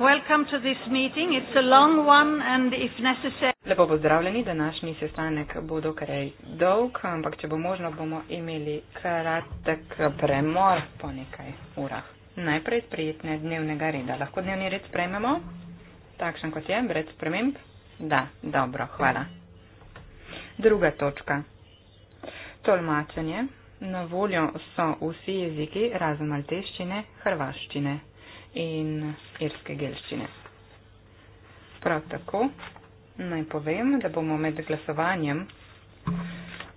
Welcome to this meeting. It's a long one and if necessary. Lepo pozdravljeni, današnji sestanek bo dokaj dolg, ampak če bo možno, bomo imeli kratek premor po nekaj urah. Najprej prijetne dnevnega reda. Lahko dnevni red sprememo? Takšen kot je, brez sprememb? Da, dobro, hvala. Druga točka. Tolmačenje. Na voljo so vsi jeziki, razen malteščine, hrvaščine in irske gelščine. Prav tako naj povem, da bomo med glasovanjem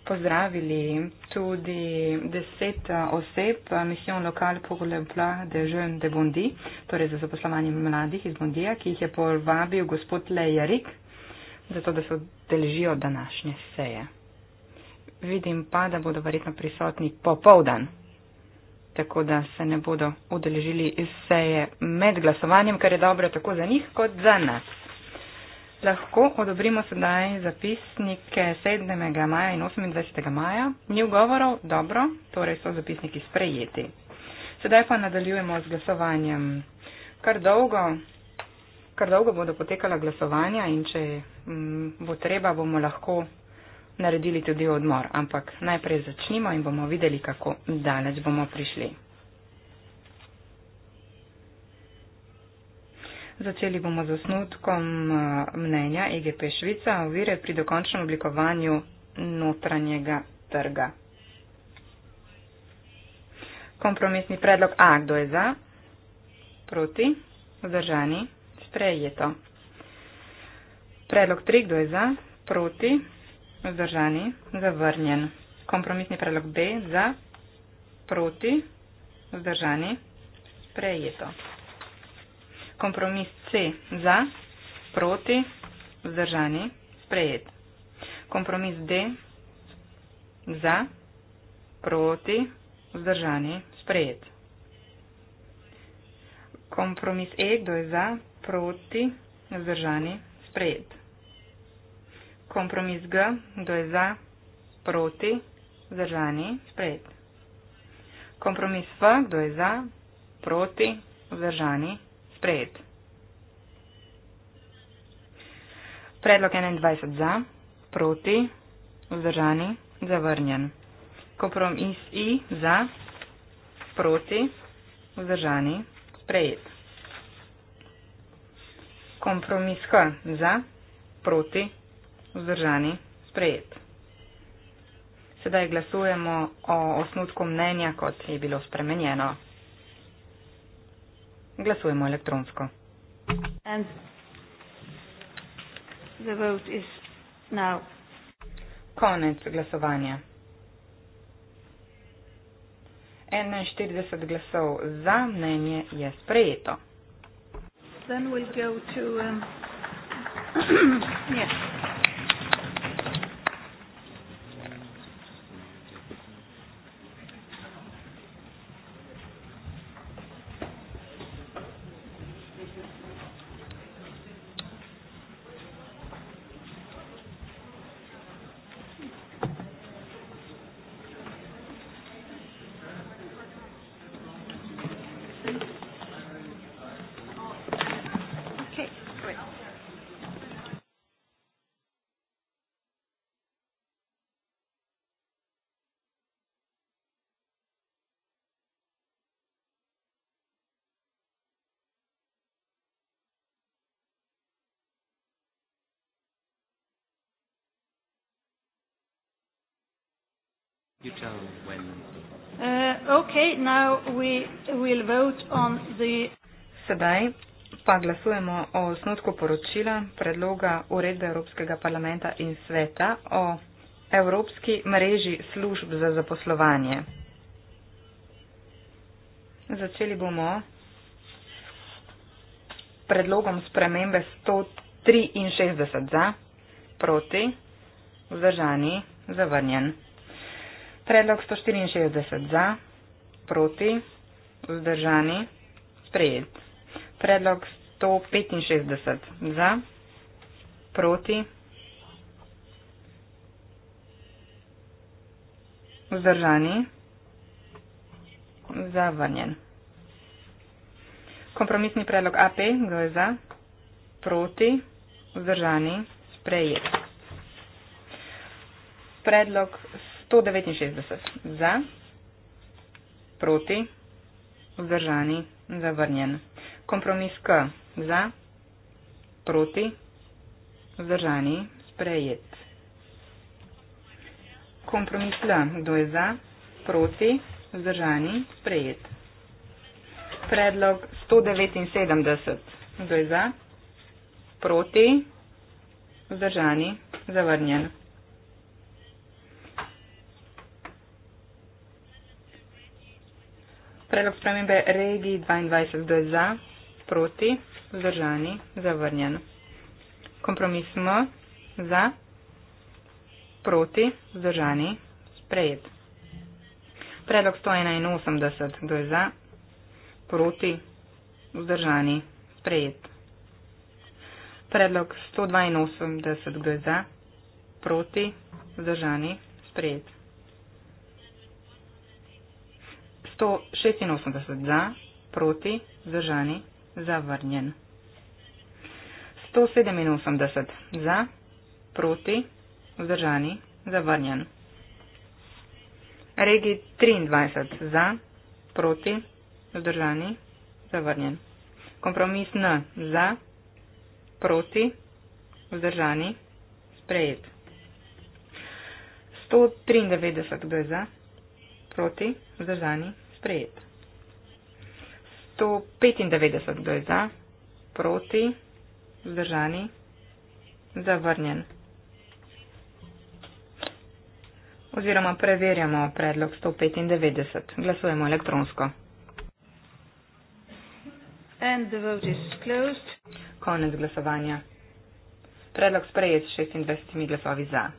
pozdravili tudi deset oseb Mission Local pour le plat de jeunes de Bondi, torej za zaposlovanje mladih iz Bondija, ki jih je povabil gospod Lejarik, zato da se odeležijo današnje seje. Vidim pa, da bodo verjetno prisotni popovdan tako da se ne bodo udeležili iz seje med glasovanjem, kar je dobro tako za njih kot za nas. Lahko odobrimo sedaj zapisnike 7. maja in 28. maja. Ni ugovorov, dobro, torej so zapisniki sprejeti. Sedaj pa nadaljujemo z glasovanjem. Kar dolgo, kar dolgo bodo potekala glasovanja in če m, mm, bo treba, bomo lahko naredili tudi odmor, ampak najprej začnimo in bomo videli, kako daleč bomo prišli. Začeli bomo z osnutkom eh, mnenja EGP Švica o vire pri dokončnem oblikovanju notranjega trga. Kompromisni predlog A, kdo je za? Proti? Vzdržani? Sprejeto. Predlog 3, kdo je za? Proti? Vzdržani. Zavrnjen. Kompromisni predlog B za. Proti. Vzdržani. Sprejeto. Kompromis C za. Proti. Vzdržani. Sprejet. Kompromis D za. Proti. Vzdržani. Sprejet. Kompromis E, kdo je za, proti, vzdržani, sprejet. Kompromis G, kdo je za, proti, vzdržani, sprejet. Kompromis F, kdo je za, proti, vzdržani, sprejet. Predlog 21 za, proti, vzdržani, zavrnjen. Kompromis I za, proti, vzdržani, sprejet. Kompromis H za, proti, vzdržani. Vzdržani. Sprejet. Sedaj glasujemo o osnutku mnenja, kot je bilo spremenjeno. Glasujemo elektronsko. Konec glasovanja. 41 glasov za mnenje je sprejeto. We'll to, um, yes. You tell when. Uh, okay, now we will vote on the... Sedaj pa glasujemo o osnutku poročila predloga uredbe Evropskega parlamenta in sveta o Evropski mreži služb za zaposlovanje. Začeli bomo s predlogom spremembe 163 za, proti, vzdržani, zavrnjen. Predlog 164 za, proti, vzdržani, sprejet. Predlog 165 za, proti, vzdržani, zavrnjen. Kompromisni predlog AP, kdo je za, proti, vzdržani, sprejet. Predlog 169 za, proti, vzdržani, zavrnjen. Kompromis K za, proti, vzdržani, sprejet. Kompromis L, kdo je za, proti, vzdržani, sprejet. Predlog 179, kdo je za, proti, vzdržani, zavrnjen. Predlog spremembe regiji 22 do za, proti, vzdržani, zavrnjen. Kompromis M za, proti, vzdržani, sprejet. Predlog 181 do za, proti, vzdržani, sprejet. Predlog 182 do za, proti, vzdržani, sprejet. 186 za, proti, zdržani, zavrnjen. 187 za, proti, vzdržani, zavrnjen. Regi 23 za, proti, vzdržani, zavrnjen. Kompromis N za, proti, vzdržani, sprejet. 193 kdo je za, proti, vzdržani, sprejet. 195 kdo je za, proti, vzdržani, zavrnjen. Oziroma preverjamo predlog 195. Glasujemo elektronsko. And the vote is closed. Konec glasovanja. Predlog sprejet s 26 glasovi za.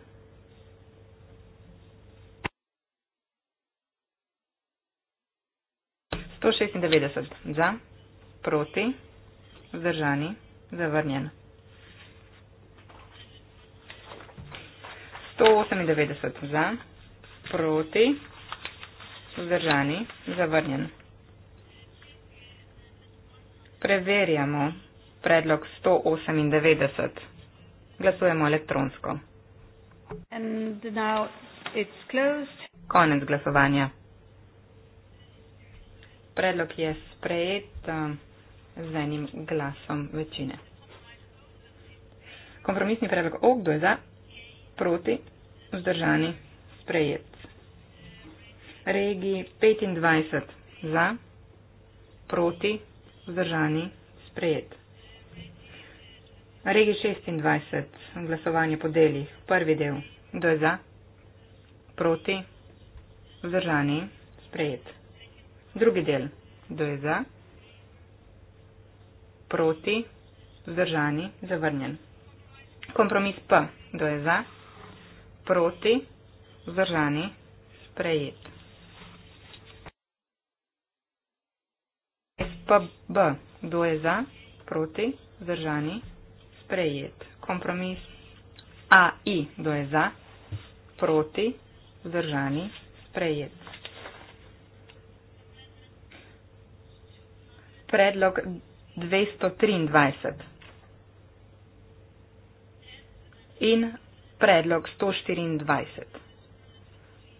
196 za, proti, vzdržani, zavrnjen. 198 za, proti, vzdržani, zavrnjen. Preverjamo predlog 198. Glasujemo elektronsko. Konec glasovanja predlog je sprejet eh, z enim glasom večine. Kompromisni predlog OK, kdo je za, proti, vzdržani, sprejet. Regi 25 za, proti, vzdržani, sprejet. Regi 26, glasovanje po delih, prvi del, kdo je za, proti, vzdržani, sprejet. Drugi del. Kdo je za? Proti? Vzdržani? Zavrnjen. Kompromis P. Kdo je za? Proti? Vzdržani? Sprejet. SPB. Kdo je za? Proti? Vzdržani? Sprejet. Kompromis AI. Kdo je za? Proti? Vzdržani? Sprejet. predlog 223 in predlog 124.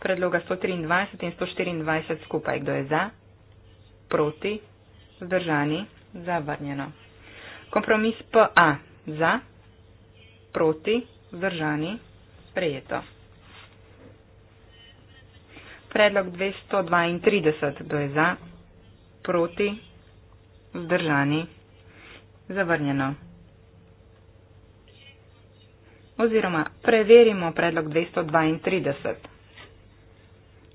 Predloga 123 in 124 skupaj. Kdo je za? Proti? Zdržani? Zavrnjeno. Kompromis PA. Za? Proti? Zdržani? Sprejeto. Predlog 232. Kdo je za? Proti? Zdržani. Zavrnjeno. Oziroma, preverimo predlog 232.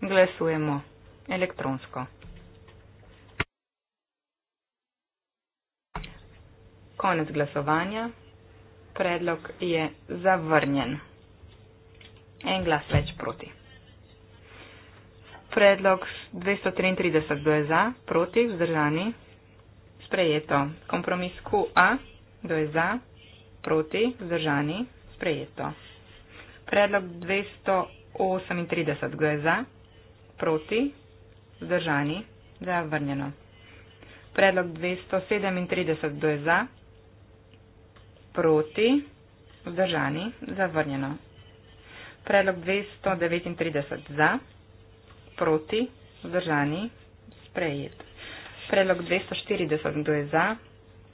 Glasujemo elektronsko. Konec glasovanja. Predlog je zavrnjen. En glas več proti. Predlog 233 je za, proti, vzdržani sprejeto. Kompromis QA, kdo je za, proti, vzdržani, sprejeto. Predlog 238, kdo je za, proti, vzdržani, zavrnjeno. Predlog 237, kdo je za, proti, vzdržani, zavrnjeno. Predlog 239 za, proti, vzdržani, sprejeto. Predlog 240, kdo je za,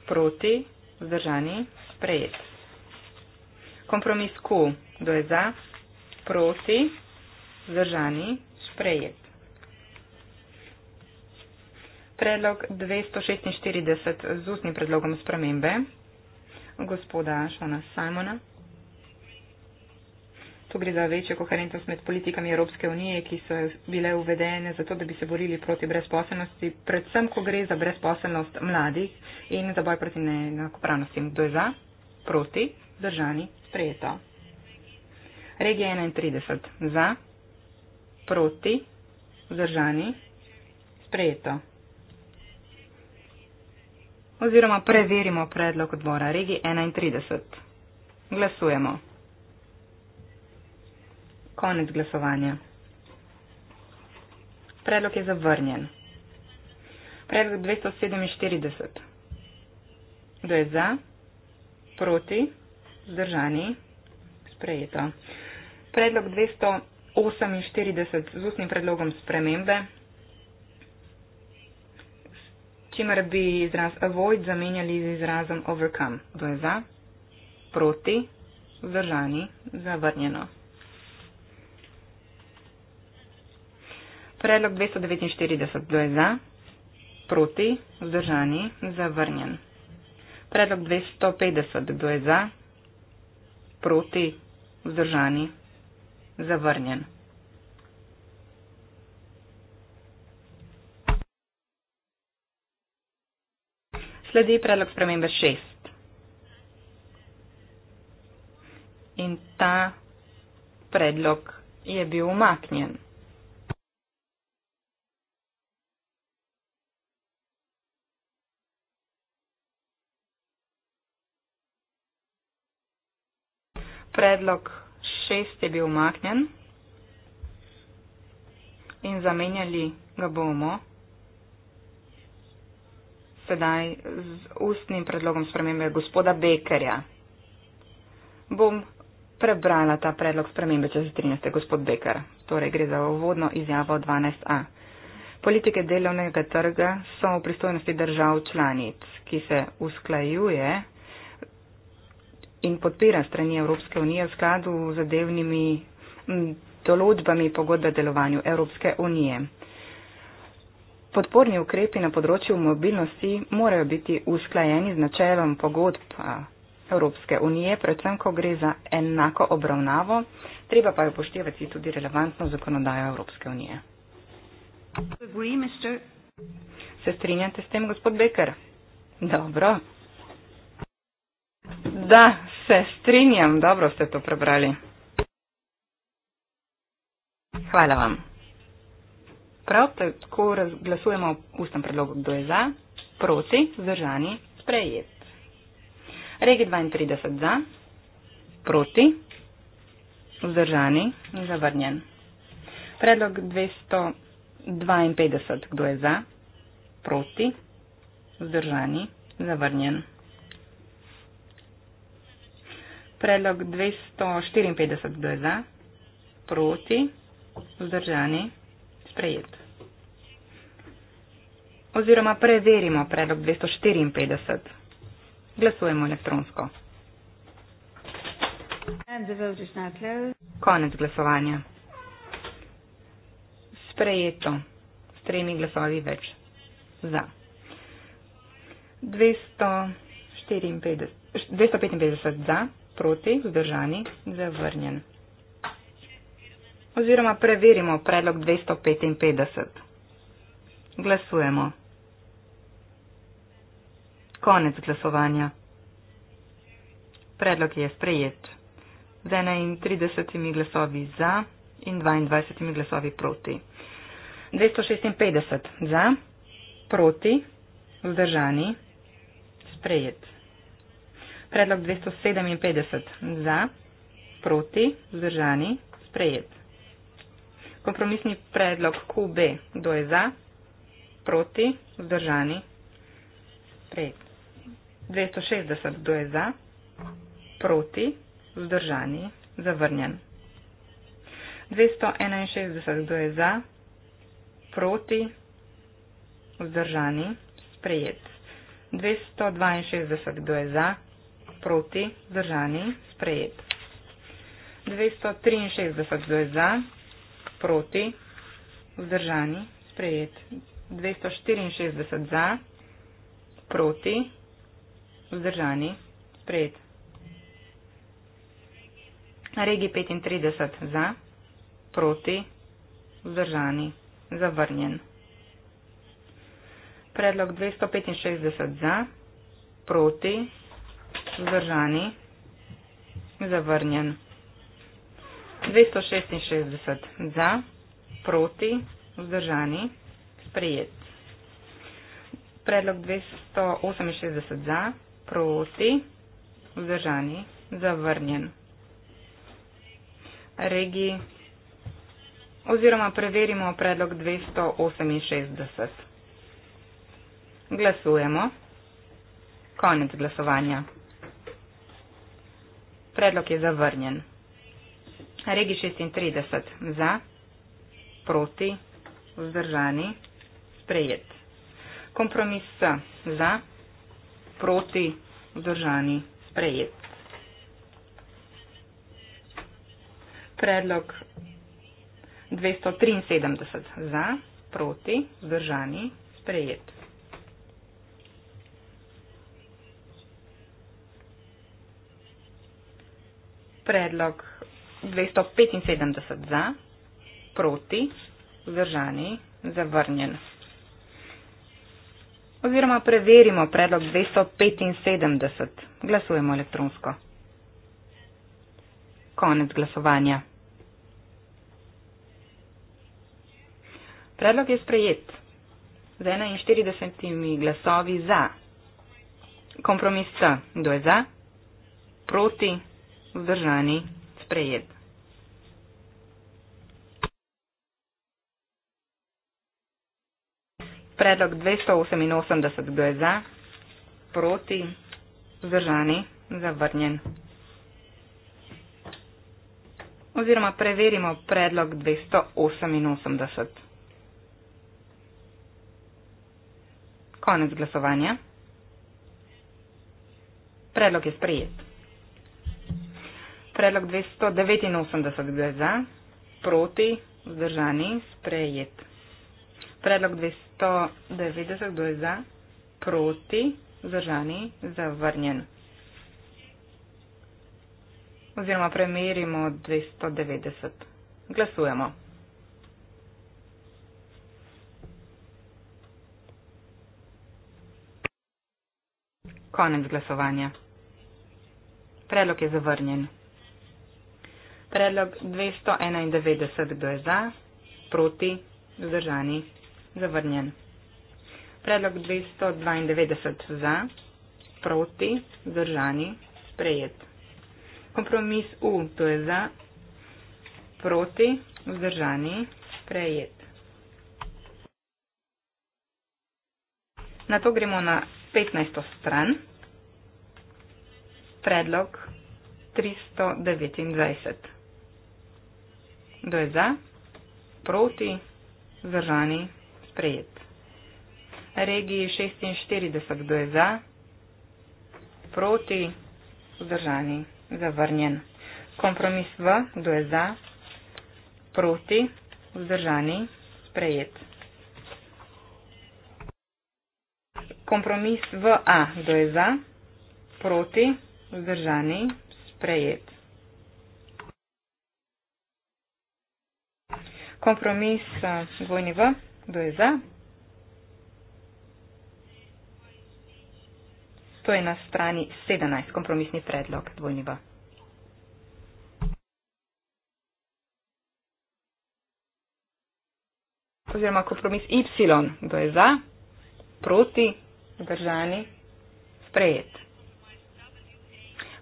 proti, vzdržani, sprejet. Kompromis Q, kdo je za, proti, vzdržani, sprejet. Predlog 246 z ustnim predlogom spremembe gospoda Šona Simona. Tu gre za večjo koherentnost med politikami Evropske unije, ki so bile uvedene zato, da bi se borili proti brezposelnosti, predvsem, ko gre za brezposelnost mladih in za boj proti neenakopravnosti. Kdo je za? Proti. Držani. Sprejeto. Regija 31. Za. Proti. Držani. Sprejeto. Oziroma preverimo predlog odbora. Regija 31. Glasujemo. Konec glasovanja. Predlog je zavrnjen. Predlog 247. Kdo je za? Proti? Zdržani? Sprejeto. Predlog 248 z ustnim predlogom spremembe, čimer bi izraz avoid zamenjali z izrazom overcome. Kdo je za? Proti? Zdržani? Zavrnjeno. Predlog 249 je za, proti, vzdržani, zavrnjen. Predlog 250 je za, proti, vzdržani, zavrnjen. Sledi predlog spremembe 6. In ta predlog je bil umaknjen. predlog šest je bil umaknjen in zamenjali ga bomo sedaj z ustnim predlogom spremembe gospoda Bekerja. Bom prebrala ta predlog spremembe, če se strinjate, gospod Beker. Torej gre za uvodno izjavo 12a. Politike delovnega trga so v pristojnosti držav članic, ki se usklajuje in podpira strani Evropske unije v skladu z zadevnimi določbami pogodbe o delovanju Evropske unije. Podporni ukrepi na področju mobilnosti morajo biti usklajeni z načelom pogodb Evropske unije, predvsem, ko gre za enako obravnavo, treba pa je upoštevati tudi relevantno zakonodajo Evropske unije. Agree, Se strinjate s tem, gospod Becker? Dobro. Da, se strinjam, dobro ste to prebrali. Hvala vam. Prav tako razglasujemo v ustnem predlogu, kdo je za, proti, zdržani, sprejet. Regi 32 za, proti, vzdržani, zavrnjen. Predlog 252, kdo je za, proti, vzdržani, zavrnjen. predlog 254 za, proti, vzdržani, sprejet. Oziroma preverimo predlog 254. Glasujemo elektronsko. Konec glasovanja. Sprejeto. S tremi glasovi več. Za. 254, 255 za proti, vzdržani, zavrnjen. Oziroma preverimo predlog 255. Glasujemo. Konec glasovanja. Predlog je sprejet. Z 31 glasovi za in 22 glasovi proti. 256 za, proti, vzdržani, sprejet. Predlog 257 za, proti, vzdržani, sprejet. Kompromisni predlog QB, kdo je za, proti, vzdržani, sprejet. 260, kdo je za, proti, vzdržani, zavrnjen. 261, kdo je za, proti, vzdržani, sprejet. 262, kdo je za, proti, vzdržani, sprejet proti, zdržani, sprejet. 263 za, proti, vzdržani, sprejet. 264 za, proti, vzdržani, sprejet. Regi 35 za, proti, vzdržani, zavrnjen. Predlog 265 za, proti, Vzdržani. Zavrnjen. 266 za, proti, vzdržani, sprejet. Predlog 268 za, proti, vzdržani, zavrnjen. Regi oziroma preverimo predlog 268. Glasujemo. Konec glasovanja. Predlog je zavrnjen. Regi 36 za, proti, vzdržani, sprejet. Kompromis S za, proti, vzdržani, sprejet. Predlog 273 za, proti, vzdržani, sprejet. predlog 275 za, proti, vzdržani, zavrnjen. Oziroma preverimo predlog 275. Glasujemo elektronsko. Konec glasovanja. Predlog je sprejet z 41 glasovi za. Kompromis C. Kdo je za? Proti vzdržani, sprejet. Predlog 288 gre za, proti, vzdržani, zavrnjen. Oziroma preverimo predlog 288. Konec glasovanja. Predlog je sprejet predlog 289 za, proti, vzdržani, sprejet. Predlog 290, kdo je za, proti, vzdržani, zavrnjen. Oziroma premerimo 290. Glasujemo. Konec glasovanja. Predlog je zavrnjen. Predlog 291, kdo je za, proti, vzdržani, zavrnjen. Predlog 292 za, proti, vzdržani, sprejet. Kompromis U, to je za, proti, vzdržani, sprejet. Na to gremo na 15. stran. Predlog 329. Kdo je za? Proti? Zdržani? Sprejet. Regiji 46. Kdo je za? Proti? Zdržani? Zavrnjen. Kompromis V. Kdo je za? Proti? Zdržani? Sprejet. Kompromis V. A. Kdo je za? Proti? Zdržani? Sprejet. kompromis eh, dvojni v, kdo je za. To je na strani 17, kompromisni predlog dvojni v. Oziroma kompromis Y, kdo je za, proti, držani, sprejet.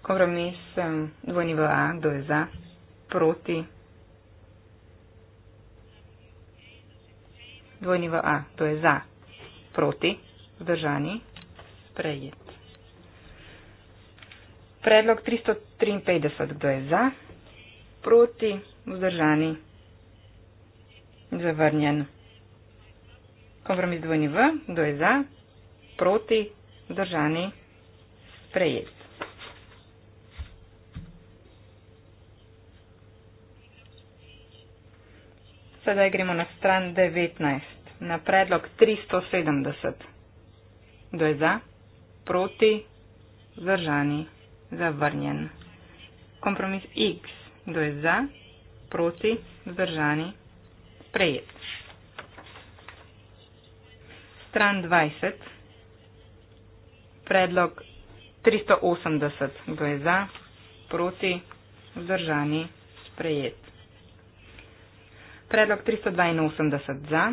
Kompromis eh, dvojni v A, kdo je za, proti, držani. dvojniva A, to je za, proti, vzdržani, sprejet. Predlog 353, kdo je za, proti, vzdržani, zavrnjen. Kompromis dvojni V, kdo je za, proti, vzdržani, sprejet. Sedaj gremo na stran 19 na predlog 370. Kdo je za? Proti? Zdržani? Zavrnjen. Kompromis X. Kdo je za? Proti? Zdržani? Sprejet. Stran 20. Predlog 380. Kdo je za? Proti? Zdržani? Sprejet. Predlog 382 za.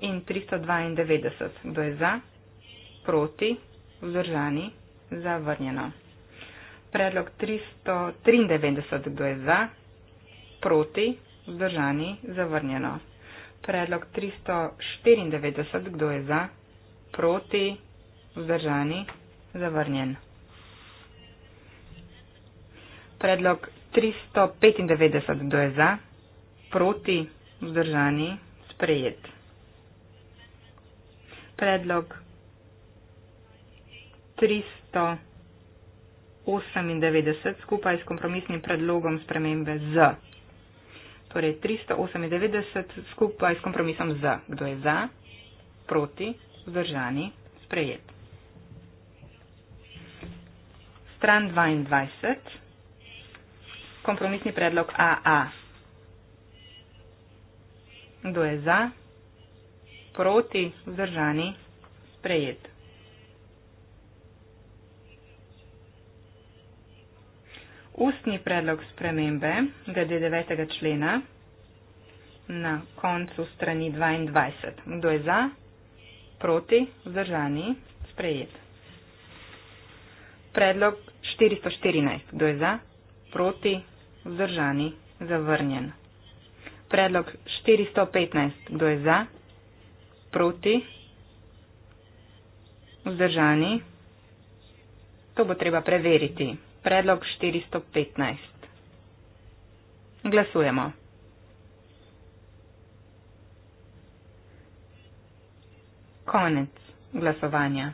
in 392. Kdo je za? Proti? Vzdržani? Zavrnjeno. Predlog 393. Kdo je za? Proti? Vzdržani? Zavrnjeno. Predlog 394. Kdo je za? Proti? Vzdržani? Zavrnjen. Predlog 395. Kdo je za? Proti? Vzdržani? Sprejet predlog 398 skupaj s kompromisnim predlogom spremembe Z. Torej 398 skupaj s kompromisom Z. Kdo je za, proti, vzdržani, sprejet. Stran 22. Kompromisni predlog AA. Kdo je za? proti, vzdržani, sprejet. Ustni predlog spremembe glede 9. člena na koncu strani 22. Kdo je za? Proti, vzdržani, sprejet. Predlog 414. Kdo je za? Proti, vzdržani, zavrnjen. Predlog 415. Kdo je za? proti, vzdržani. To bo treba preveriti. Predlog 415. Glasujemo. Konec glasovanja.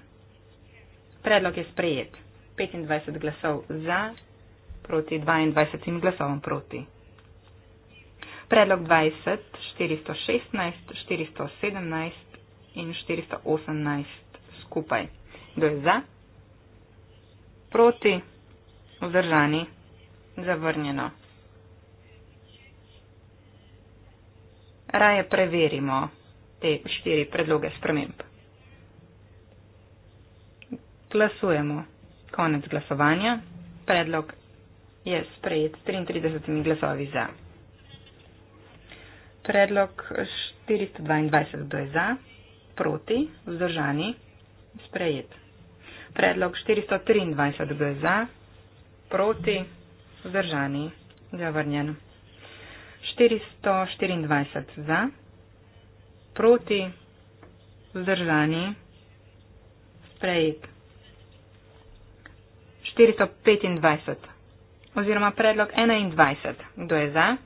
Predlog je sprejet. 25 glasov za, proti 22 glasovom proti predlog 20, 416, 417 in 418 skupaj. Kdo je za? Proti? Vzdržani? Zavrnjeno? Raje preverimo te štiri predloge sprememb. Glasujemo. Konec glasovanja. Predlog je sprejet 33 glasovi za predlog 422 kdo je za, proti, vzdržani, sprejet. Predlog 423 kdo je za, proti, vzdržani, zavrnjen. 424 za, proti, vzdržani, sprejet. 425 oziroma predlog 21 kdo je za,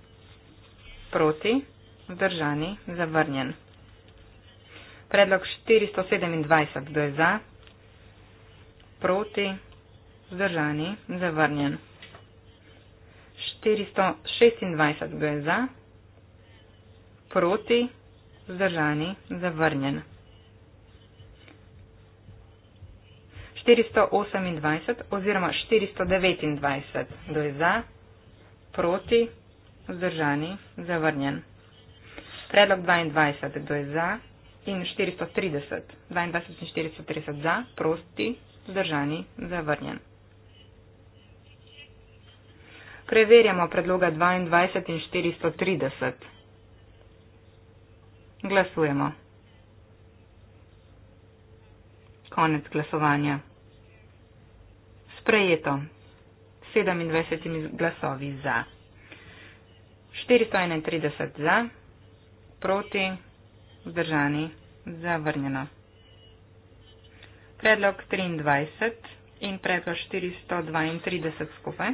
proti, vzdržani, sprejet vzdržani, zavrnjen. Predlog 427, kdo je za, proti, vzdržani, zavrnjen. 426, kdo je za, proti, vzdržani, zavrnjen. 428 oziroma 429, kdo je za, proti, vzdržani, zavrnjen. Predlog 22, kdo je za in 430, 22 in 430 za, prosti, zdržani, zavrnjen. Preverjamo predloga 22 in 430. Glasujemo. Konec glasovanja. Sprejeto. 27 glasovi za. 431 za proti, vzdržani, zavrnjeno. Predlog 23 in predlog 432 skupaj.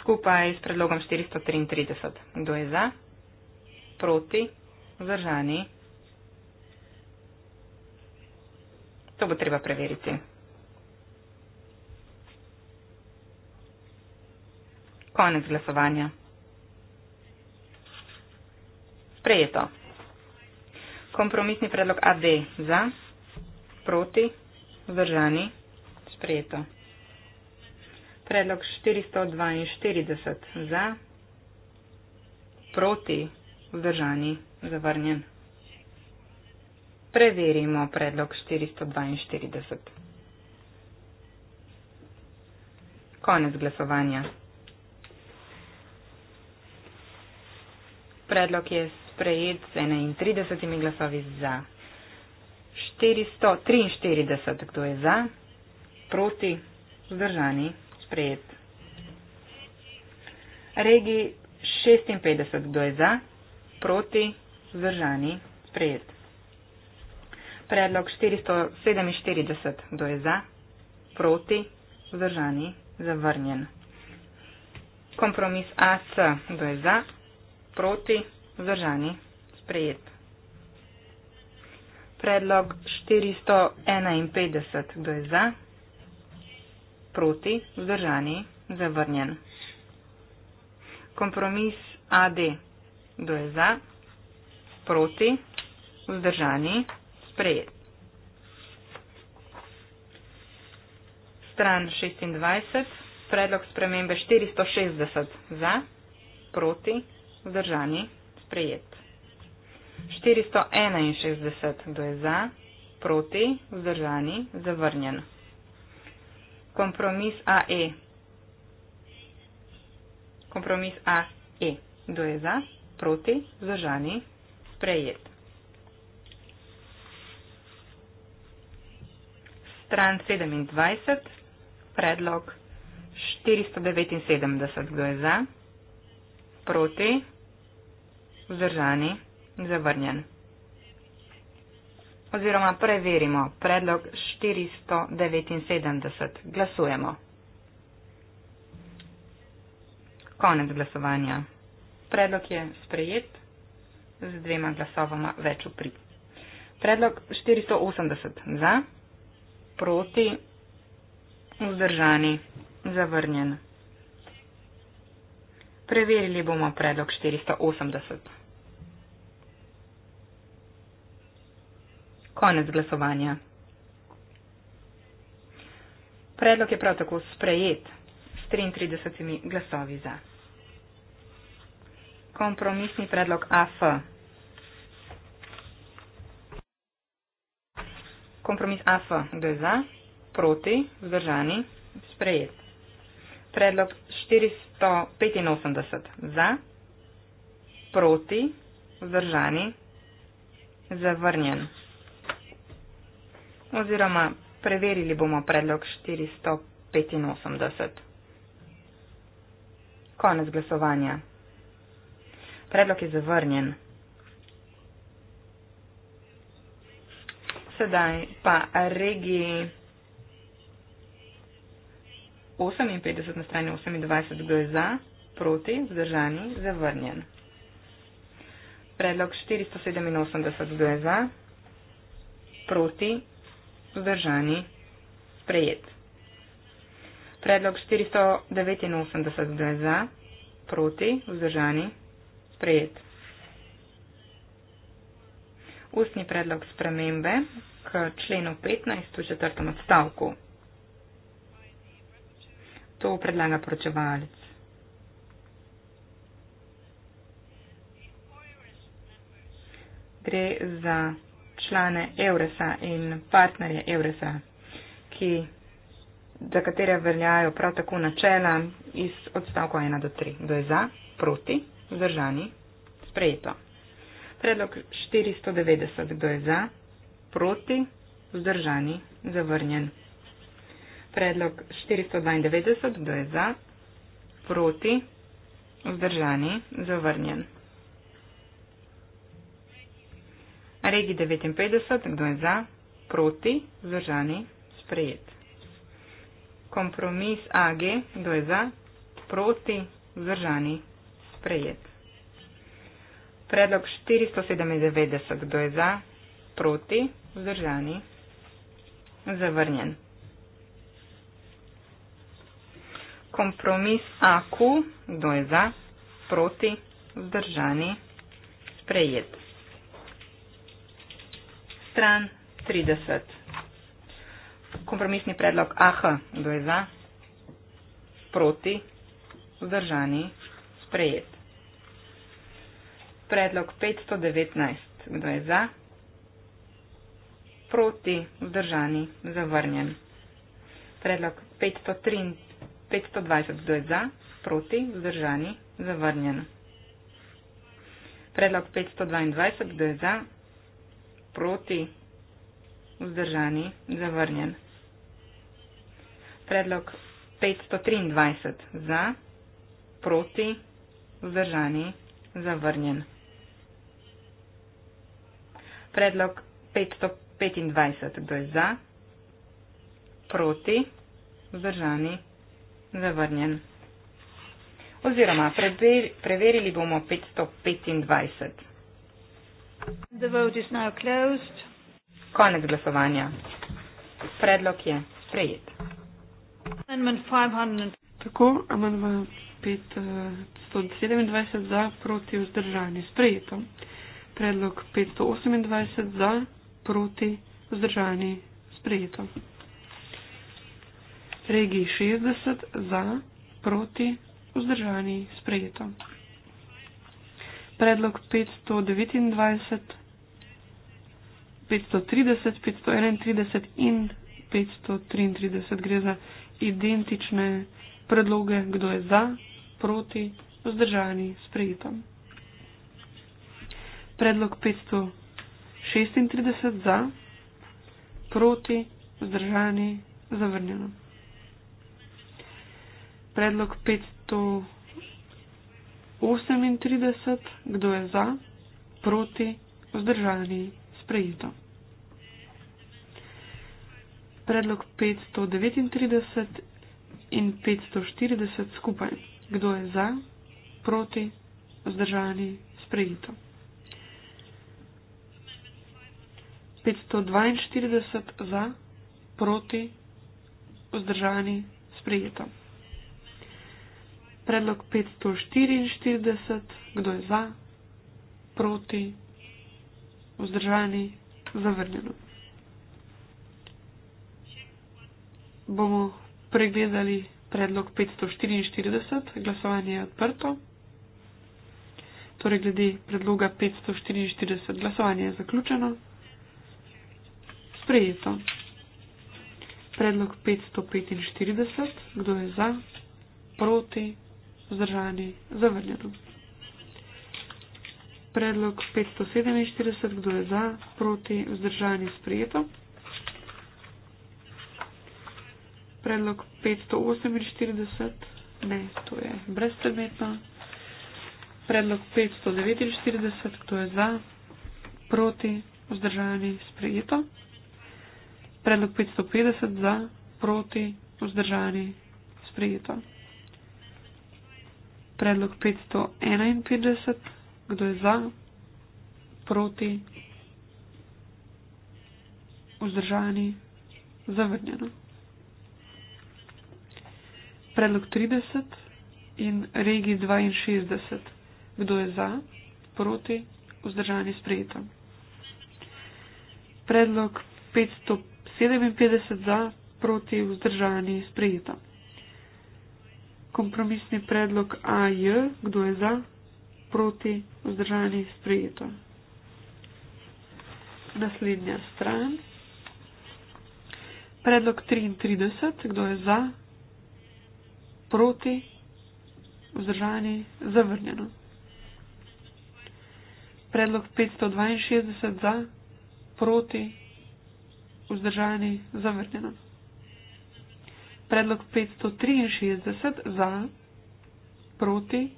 Skupaj s predlogom 433. Kdo je za? Proti, vzdržani. To bo treba preveriti. Konec glasovanja. Sprejeto. Kompromisni predlog AD za, proti, vzdržani, sprejeto. Predlog 442 za, proti, vzdržani, zavrnjen. Preverimo predlog 442. Konec glasovanja. Predlog je sprejet z 31 glasovi za. 443, kdo je za, proti, zdržani, sprejet. Regi 56, kdo je za, proti, zdržani, sprejet. Predlog 447, kdo je za, proti, zdržani, zavrnjen. Kompromis AC, kdo je za, proti, vzdržani, sprejet. Predlog 451, kdo je za, proti, vzdržani, zavrnjen. Kompromis AD, kdo je za, proti, vzdržani, sprejet. Stran 26, predlog spremembe 460 za, proti, vzdržani, sprejet. 461, kdo je za, proti, vzdržani, zavrnjen. Kompromis AE. Kompromis AE, kdo je za, proti, vzdržani, sprejet. Stran 27, predlog 479, kdo je za, proti, vzdržani, zavrnjen. Oziroma preverimo predlog 479. Glasujemo. Konec glasovanja. Predlog je sprejet z dvema glasovama več v prid. Predlog 480 za, proti, vzdržani, zavrnjen. Preverili bomo predlog 480. Konec glasovanja. Predlog je prav tako sprejet s 33 glasovi za. Kompromisni predlog AF. Kompromis AF, kdo je za, proti, vzdržani, sprejet. Predlog 485 za, proti, vzdržani, zavrnjen oziroma preverili bomo predlog 485. Konec glasovanja. Predlog je zavrnjen. Sedaj pa regiji 58 na strani 28 kdo je za, proti, vzdržani, zavrnjen. Predlog 487 kdo je za, proti, vzdržani, sprejet. Predlog 489 je za, proti, vzdržani, sprejet. Ustni predlog spremembe k členu 15 v četrtem odstavku. To predlaga poročevalec. Gre za člane Evresa in partnerje Evresa, ki, za katere veljajo prav tako načela iz odstavka 1 do 3. Kdo je za, proti, vzdržani, sprejeto. Predlog 490. Kdo je za, proti, vzdržani, zavrnjen. Predlog 492. Kdo je za, proti, vzdržani, zavrnjen. Regi 59, kdo je za, proti, vzdržani, sprejet. Kompromis AG, kdo je za, proti, vzdržani, sprejet. Predlog 497, kdo je za, proti, vzdržani, zavrnjen. Kompromis AQ, kdo je za, proti, vzdržani, sprejet stran 30. Kompromisni predlog AH, kdo je za, proti, vzdržani, sprejet. Predlog 519, kdo je za, proti, vzdržani, zavrnjen. Predlog 523, kdo je za, proti, vzdržani, zavrnjen. Predlog 522, kdo je za, proti, vzdržani, zavrnjen. Predlog 523 za, proti, vzdržani, zavrnjen. Predlog 525, kdo je za, proti, vzdržani, zavrnjen. Oziroma, preveri, preverili bomo 525. The vote is now closed. Konec glasovanja. Predlog je sprejet. Amendment 500. Tako, amendment 527 eh, za, proti vzdržanje. Sprejeto. Predlog 528 za, proti vzdržanje. Sprejeto. Regi 60 za, proti vzdržanje. Sprejeto predlog 529, 530, 531 in 533 gre za identične predloge, kdo je za, proti, vzdržani, sprejetom. Predlog 536 za, proti, vzdržani, zavrnjeno. Predlog 500. 38, kdo je za, proti, vzdržani, sprejeto. Predlog 539 in 540 skupaj. Kdo je za, proti, vzdržani, sprejeto. 542 za, proti, vzdržani, sprejeto. Predlog 544, kdo je za, proti, vzdržani, zavrnjeno. Bomo pregledali predlog 544, glasovanje je odprto. Torej, glede predloga 544, glasovanje je zaključeno. Sprejeto. Predlog 545, kdo je za, proti, vzdržani vzdržani, zavrnjeno. Predlog 547, kdo je za, proti, vzdržani, sprejeto. Predlog 548, ne, to je brezpredmetno. Predlog 549, kdo je za, proti, vzdržani, sprejeto. Predlog 550 za, proti, vzdržani, sprejeto predlog 551. Kdo je za? Proti? Vzdržani? Zavrnjeno. Predlog 30 in regij 62. Kdo je za? Proti? Vzdržani? Sprejeto. Predlog 557 za, proti, vzdržani, sprejeta kompromisni predlog AJ, kdo je za, proti, vzdržani, sprejeto. Naslednja stran. Predlog 33, kdo je za, proti, vzdržani, zavrnjeno. Predlog 562 za, proti, vzdržani, zavrnjeno predlog 563 za, proti,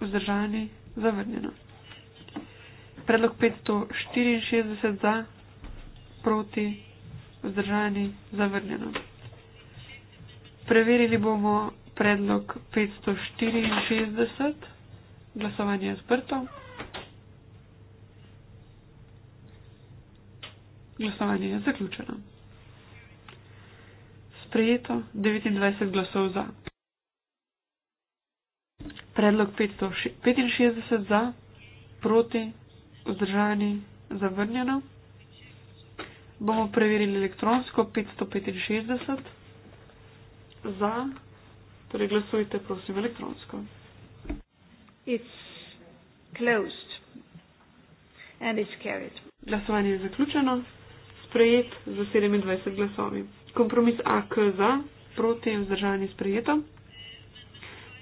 vzdržani, zavrnjeno. Predlog 564 za, proti, vzdržani, zavrnjeno. Preverili bomo predlog 564, glasovanje je sprto. Glasovanje je zaključeno sprejeto 29 glasov za. Predlog 565 za, proti, vzdržani, zavrnjeno. Bomo preverili elektronsko 565 za, torej glasujte prosim elektronsko. It's closed and it's carried. Glasovanje je zaključeno, sprejet za 27 glasovi kompromis AK za, proti in vzdržani sprejeto.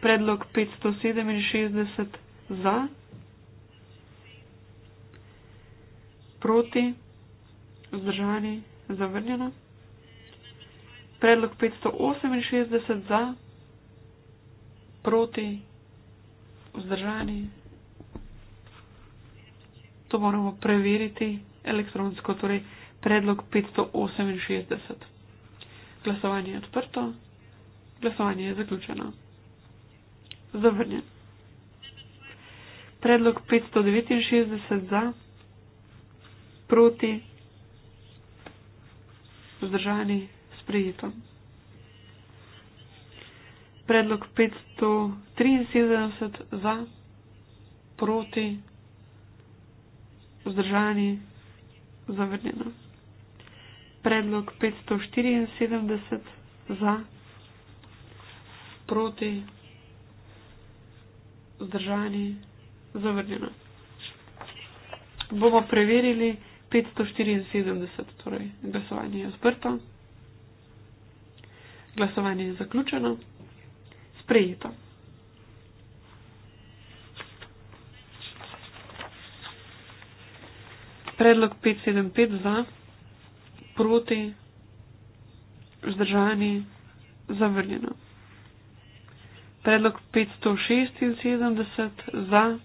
Predlog 567 za, proti, vzdržani, zavrnjeno. Predlog 568 za, proti, vzdržani. To moramo preveriti elektronsko, torej predlog 568. Glasovanje je odprto. Glasovanje je zaključeno. Zavrnjen. Predlog 569 za, proti, vzdržani sprejetom. Predlog 573 za, proti, vzdržani zavrnjeno predlog 574 za, proti, zdržani, zavrnjeno. Bomo preverili 574, torej glasovanje je odprto, glasovanje je zaključeno, sprejeto. Predlog 575 za proti, vzdržani, zavrnjeno. Predlog 576 za,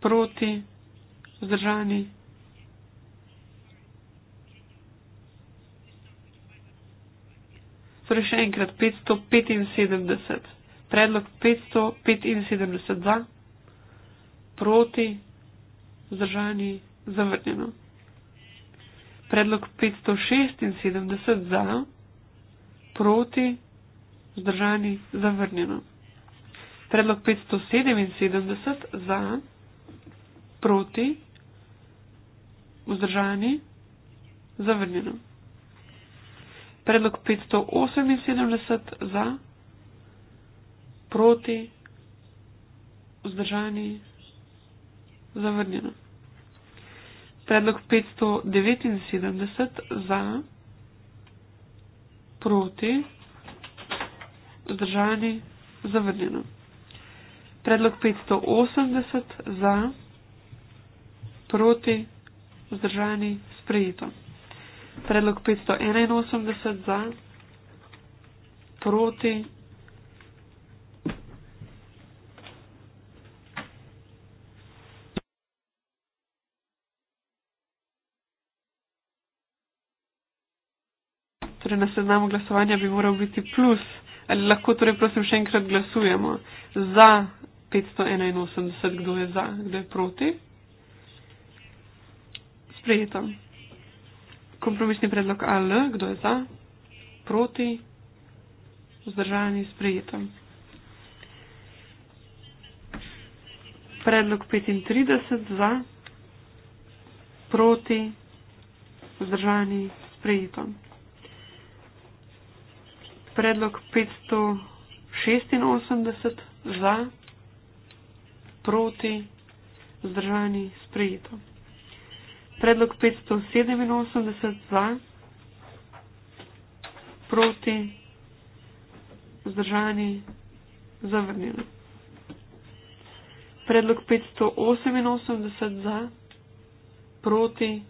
proti, vzdržani. Torej še enkrat 575. Predlog 575 za, proti, vzdržani, zavrnjeno predlog 576 za, proti, vzdržani, zavrnjeno. Predlog 577 za, proti, vzdržani, zavrnjeno. Predlog 578 za, proti, vzdržani, zavrnjeno predlog 579 za, proti, zdržani, zavrnjeno. Predlog 580 za, proti, zdržani, sprejeto. Predlog 581 za, proti, zdržani. torej na seznamu glasovanja bi moral biti plus. Ali lahko torej prosim še enkrat glasujemo za 581, kdo je za, kdo je proti. Sprejeto. Kompromisni predlog AL, kdo je za, proti, vzdržani, sprejeto. Predlog 35 za, proti, vzdržani, sprejeto predlog 586 za, proti, zdržani, sprejeto. Predlog 587 za, proti, zdržani, zavrnjeno. Predlog 588 za, proti,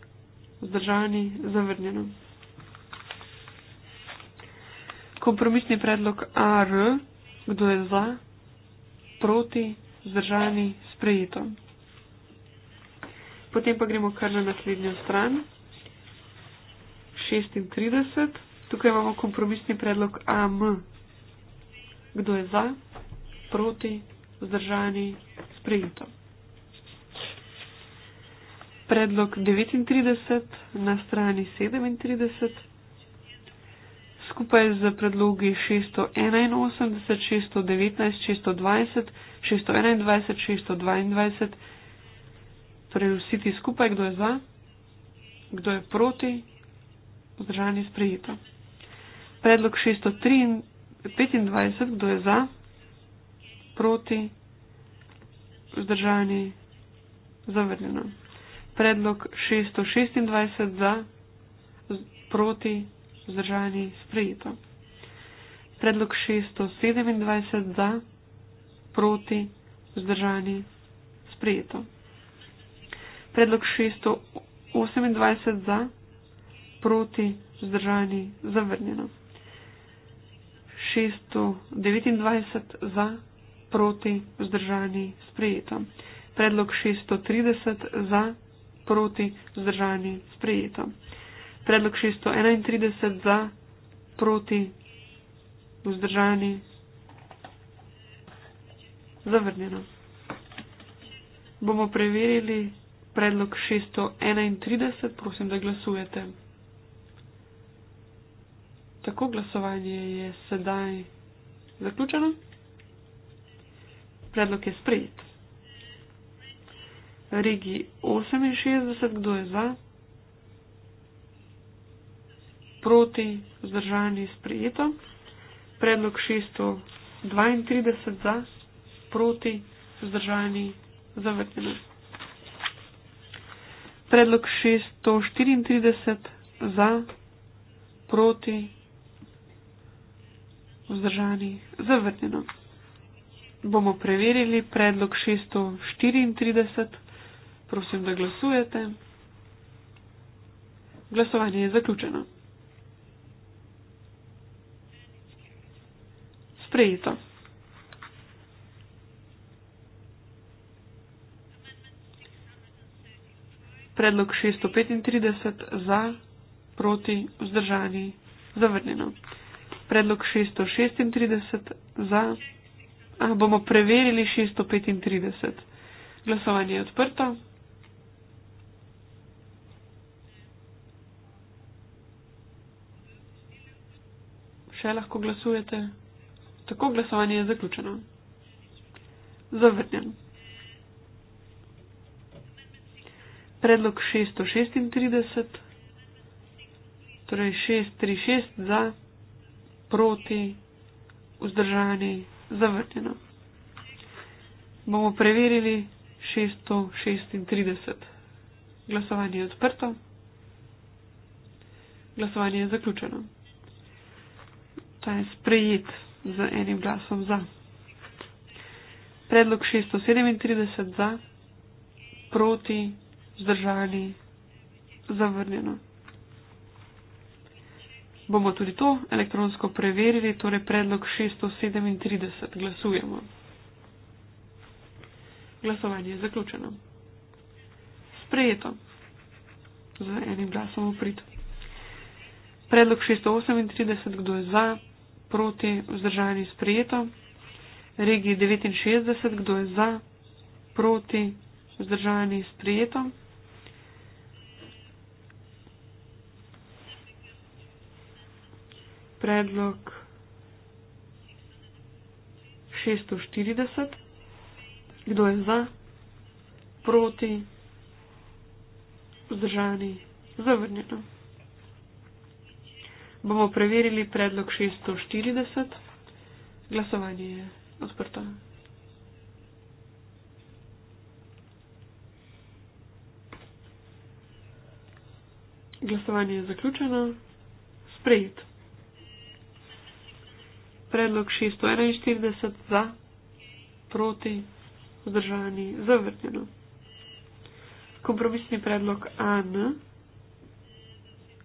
zdržani, zavrnjeno. Kompromisni predlog AR, kdo je za, proti, zdržani, sprejeto. Potem pa gremo kar na naslednjo stran. 36. Tukaj imamo kompromisni predlog AM. Kdo je za, proti, zdržani, sprejeto. Predlog 39 na strani 37 skupaj z predlogi 681, 619, 620, 621, 622. Torej vsi ti skupaj, kdo je za, kdo je proti, vzdržanje sprejeto. Predlog 625, kdo je za, proti, vzdržanje zavrnjeno. Predlog 626 za, proti, vzdržani, sprejeto. Predlog 627 za, proti, vzdržani, sprejeto. Predlog 628 za, proti, vzdržani, zavrnjeno. 629 za, proti, vzdržani, sprejeto. Predlog 630 za, proti, vzdržani, sprejeto. Predlog 631 za, proti, vzdržani, zavrnjeno. Bomo preverili predlog 631, prosim, da glasujete. Tako glasovanje je sedaj zaključeno. Predlog je sprejet. Regi 68, kdo je za? proti, vzdržani, sprejeto. Predlog 632 za, proti, vzdržani, zavrnjeno. Predlog 634 za, proti, vzdržani, zavrnjeno. Bomo preverili predlog 634. Prosim, da glasujete. Glasovanje je zaključeno. sprejeto. Predlog 635 za, proti, vzdržani, zavrnjeno. Predlog 636 za, ah, bomo preverili 635. Glasovanje je odprto. Še lahko glasujete. Tako glasovanje je zaključeno. Zavrnjen. Predlog 636, torej 636 za, proti, vzdržani, zavrnjeno. Bomo preverili 636. Glasovanje je odprto. Glasovanje je zaključeno. To je sprejet z enim glasom za. Predlog 637 za, proti, zdržani, zavrnjeno. Bomo tudi to elektronsko preverili, torej predlog 637. Glasujemo. Glasovanje je zaključeno. Sprejeto. Z enim glasom uprit. Predlog 638. Kdo je za? proti, vzdržani, sprejeto. Regiji 69, kdo je za, proti, vzdržani, sprejeto. Predlog 640, kdo je za, proti, vzdržani, zavrnjeno bomo preverili predlog 640. Glasovanje je odprto. Glasovanje je zaključeno. Sprejet. Predlog 641 za, proti, vzdržani, zavrnjeno. Kompromisni predlog AN.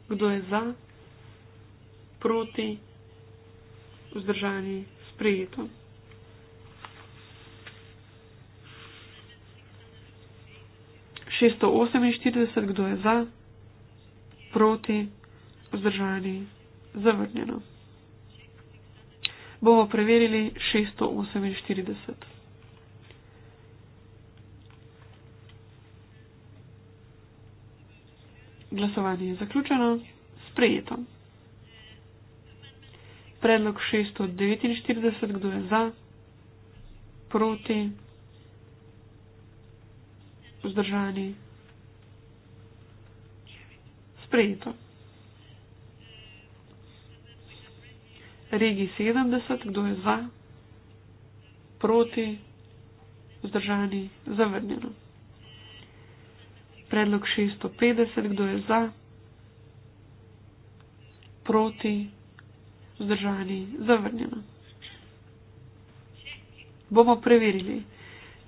Kdo je za? proti, vzdržani, sprejeto. Šesto oseminštirideset, kdo je za, proti, vzdržani, zavrnjeno. Bomo preverili šesto oseminštirideset. Glasovanje je zaključeno, sprejeto predlog 649, kdo je za, proti, vzdržani, sprejeto. Regi 70, kdo je za, proti, vzdržani, zavrnjeno. Predlog 650, kdo je za, proti, vzdržani vzdržani, zavrnjeno. Bomo preverili.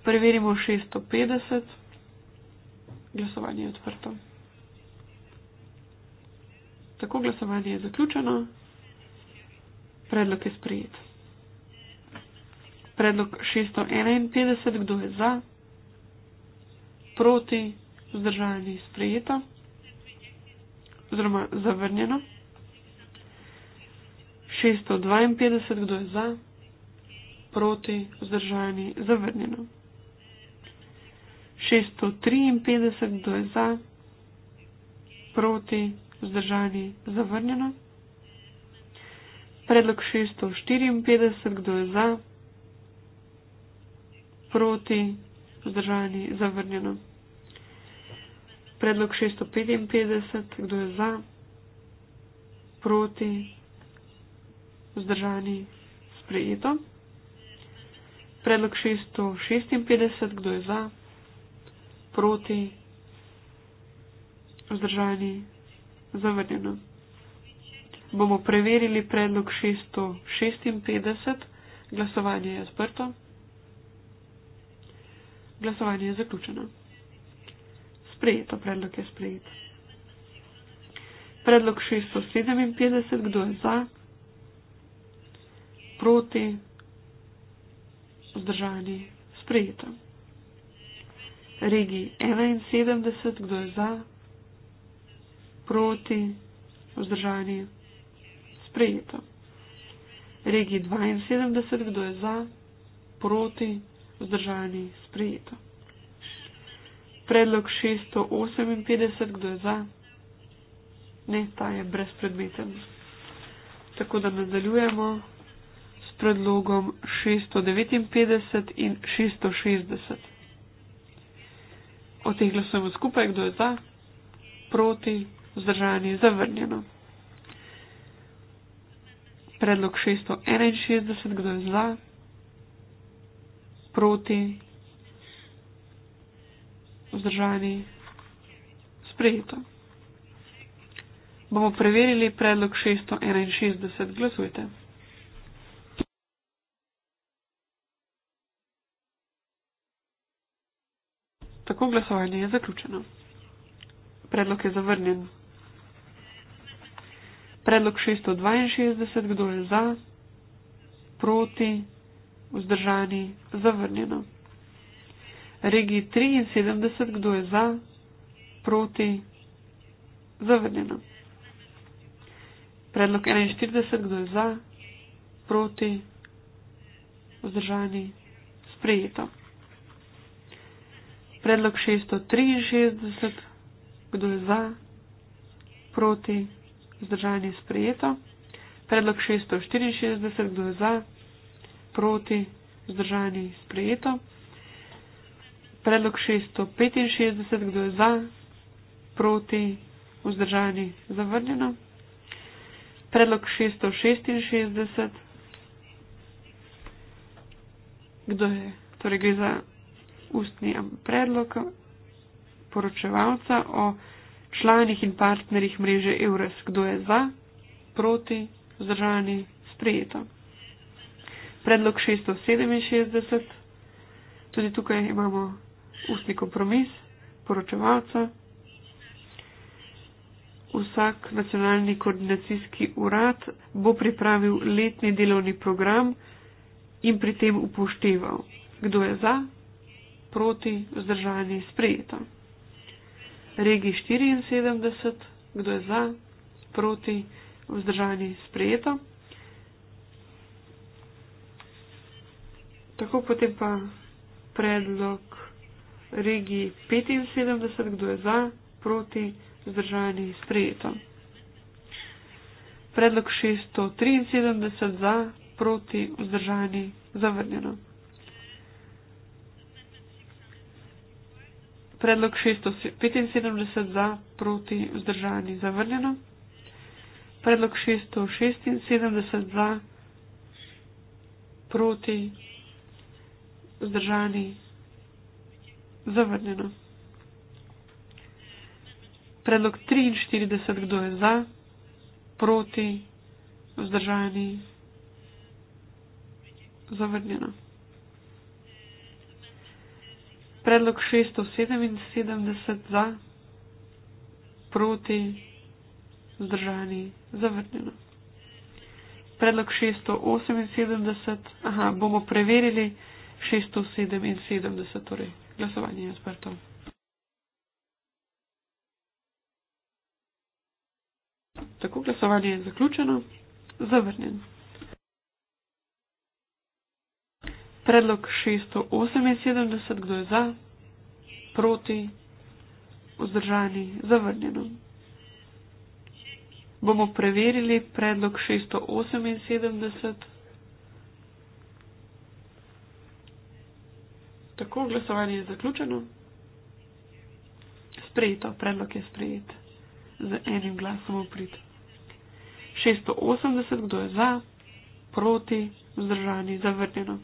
Preverimo 650. Glasovanje je odprto. Tako glasovanje je zaključeno. Predlog je sprejet. Predlog 651. Kdo je za? Proti? Vzdržani? Sprejeto? Oziroma zavrnjeno? 652, kdo je za, proti, vzdržani, zavrnjeno. 653, kdo je za, proti, vzdržani, zavrnjeno. Predlog 654, kdo je za, proti, vzdržani, zavrnjeno. Predlog 655, kdo je za, proti, vzdržani sprejeto. Predlog 656, kdo je za, proti, vzdržani, zavrnjeno. Bomo preverili predlog 656, glasovanje je zprto, glasovanje je zaključeno. Sprejeto, predlog je sprejet. Predlog 657, kdo je za? proti, vzdržani, sprejeta. Regi 71, kdo je za, proti, vzdržani, sprejeta. Regi 72, kdo je za, proti, vzdržani, sprejeta. Predlog 658, kdo je za, ne, ta je brezpredmeten. Tako da nadaljujemo predlogom 659 in 660. O teh glasujemo skupaj, kdo je za, proti, vzdržani, zavrnjeno. Predlog 661, kdo je za, proti, vzdržani, sprejeto. Bomo preverili predlog 661. Glasujte. Tako glasovanje je zaključeno. Predlog je zavrnjen. Predlog 662, kdo je za, proti, vzdržani, zavrnjeno. Regiji 73, kdo je za, proti, zavrnjeno. Predlog 41, kdo je za, proti, vzdržani, sprejeto. Predlog 663. Kdo je za? Proti. Zdržanje je sprejeto. Predlog 664. Kdo je za? Proti. Zdržanje je sprejeto. Predlog 665. Kdo je za? Proti. Vzdržani zavrnjeno. Predlog 666. Kdo je? Torej gre za ustni predlog poročevalca o članih in partnerjih mreže EURES, kdo je za, proti, vzdržani, sprejeto. Predlog 667, tudi tukaj imamo ustni kompromis poročevalca. Vsak nacionalni koordinacijski urad bo pripravil letni delovni program in pri tem upošteval, kdo je za, proti vzdržanje sprejeto. Regi 74, kdo je za, proti vzdržanje sprejeto. Tako potem pa predlog regi 75, kdo je za, proti vzdržanje sprejeto. Predlog 673 za, proti vzdržanje zavrnjeno. predlog 675 za proti vzdržani zavrnjeno. Predlog 676 za proti vzdržani zavrnjeno. Predlog 43, kdo je za, proti, vzdržani, zavrnjeno predlog 677 za, proti, vzdržani, zavrnjeno. Predlog 678, aha, bomo preverili 677, torej glasovanje je odprto. Tako glasovanje je zaključeno, zavrnjeno. Predlog 678, kdo je za, proti, vzdržani, zavrnjeno. Bomo preverili predlog 678. Tako glasovanje je zaključeno. Sprejeto, predlog je sprejet. Z enim glasom oprit. 680, kdo je za, proti, vzdržani, zavrnjeno.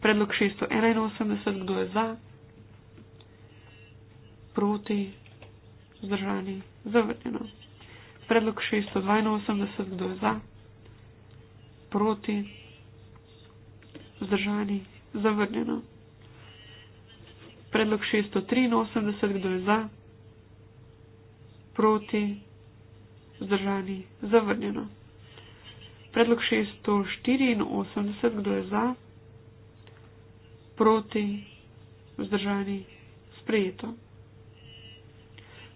Predlog 681, kdo je za, proti, zdržani, zavrnjeno. Predlog 682, kdo je za, proti, zdržani, zavrnjeno. Predlog 683, kdo je za, proti, zdržani, zavrnjeno. Predlog 684, kdo je za, proti, zdržani, zavrnjeno proti, vzdržani, sprejeto.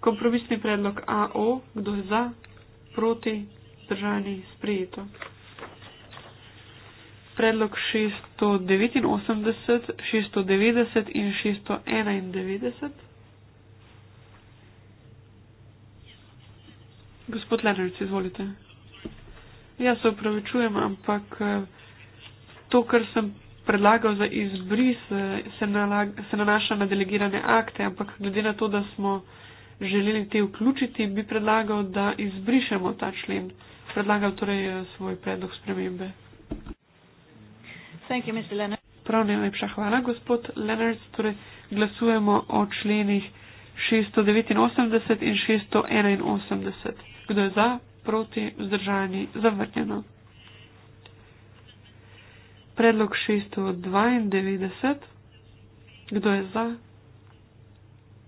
Kompromisni predlog AO, kdo je za, proti, vzdržani, sprejeto. Predlog 689, 690 in 691. Gospod Lenarc, izvolite. Jaz se upravičujem, ampak eh, to, kar sem predlagal za izbris, eh, se, nalaga, se nanaša na delegirane akte, ampak glede na to, da smo želeli te vključiti, bi predlagal, da izbrišemo ta člen. Predlagal torej eh, svoj predlog spremembe. Prav najlepša hvala, gospod Leonard. Torej, glasujemo o členih 689 in 681. Kdo je za, proti, vzdržani, zavrnjeno predlog 692. Kdo je za?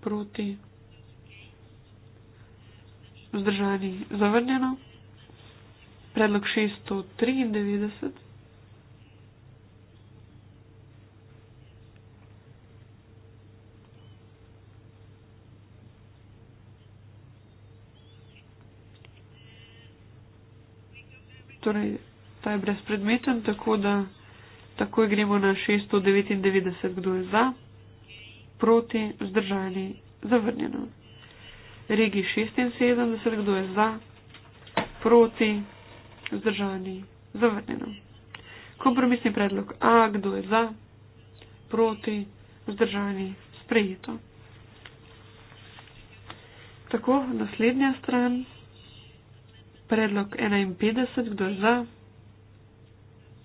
Proti? Vzdržani? Zavrnjeno. Predlog 693. Torej, ta je brezpredmeten, tako da. Tako gremo na 699, kdo je za, proti, vzdržani, zavrnjeno. Regi 76, kdo je za, proti, vzdržani, zavrnjeno. Kompromisni predlog A, kdo je za, proti, vzdržani, sprejeto. Tako, naslednja stran, predlog 51, kdo je za,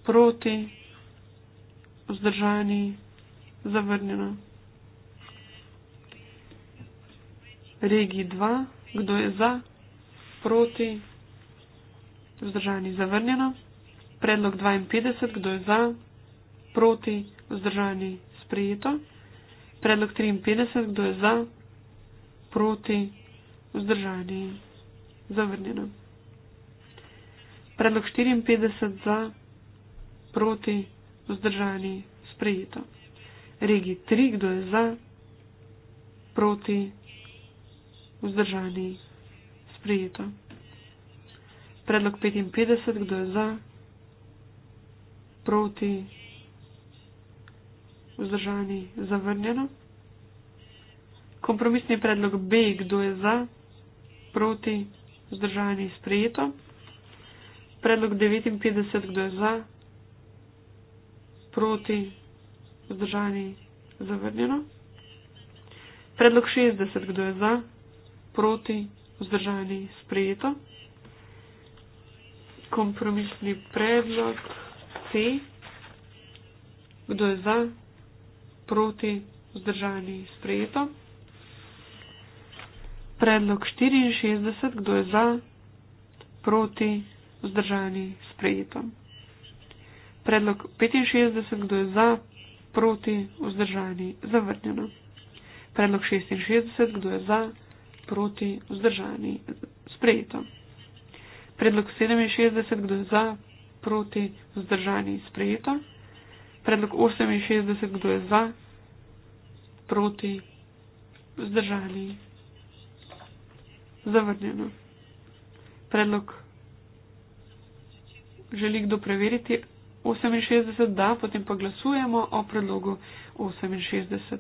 proti, vzdržani vzdržani, zavrnjeno. Regi 2, kdo je za, proti, vzdržani, zavrnjeno. Predlog 52, kdo je za, proti, vzdržani, sprejeto. Predlog 53, kdo je za, proti, vzdržani, zavrnjeno. Predlog 54 za, proti, vzdržani vzdržani, sprejeto. Regi 3, kdo je za, proti, vzdržani, sprejeto. Predlog 55, kdo je za, proti, vzdržani, zavrnjeno. Kompromisni predlog B, kdo je za, proti, vzdržani, sprejeto. Predlog 59, kdo je za, proti, vzdržani, sprejeto proti, vzdržani, zavrnjeno. Predlog 60, kdo je za, proti, vzdržani, sprejeto. Kompromisni predlog C, kdo je za, proti, vzdržani, sprejeto. Predlog 64, kdo je za, proti, vzdržani, sprejeto predlog 65, kdo je za, proti, vzdržani, zavrnjeno. Predlog 66, kdo je za, proti, vzdržani, sprejeto. Predlog 67, kdo je za, proti, vzdržani, sprejeto. Predlog 68, kdo je za, proti, vzdržani, zavrnjeno. Predlog. Želi kdo preveriti 68 da, potem pa glasujemo o predlogu 68.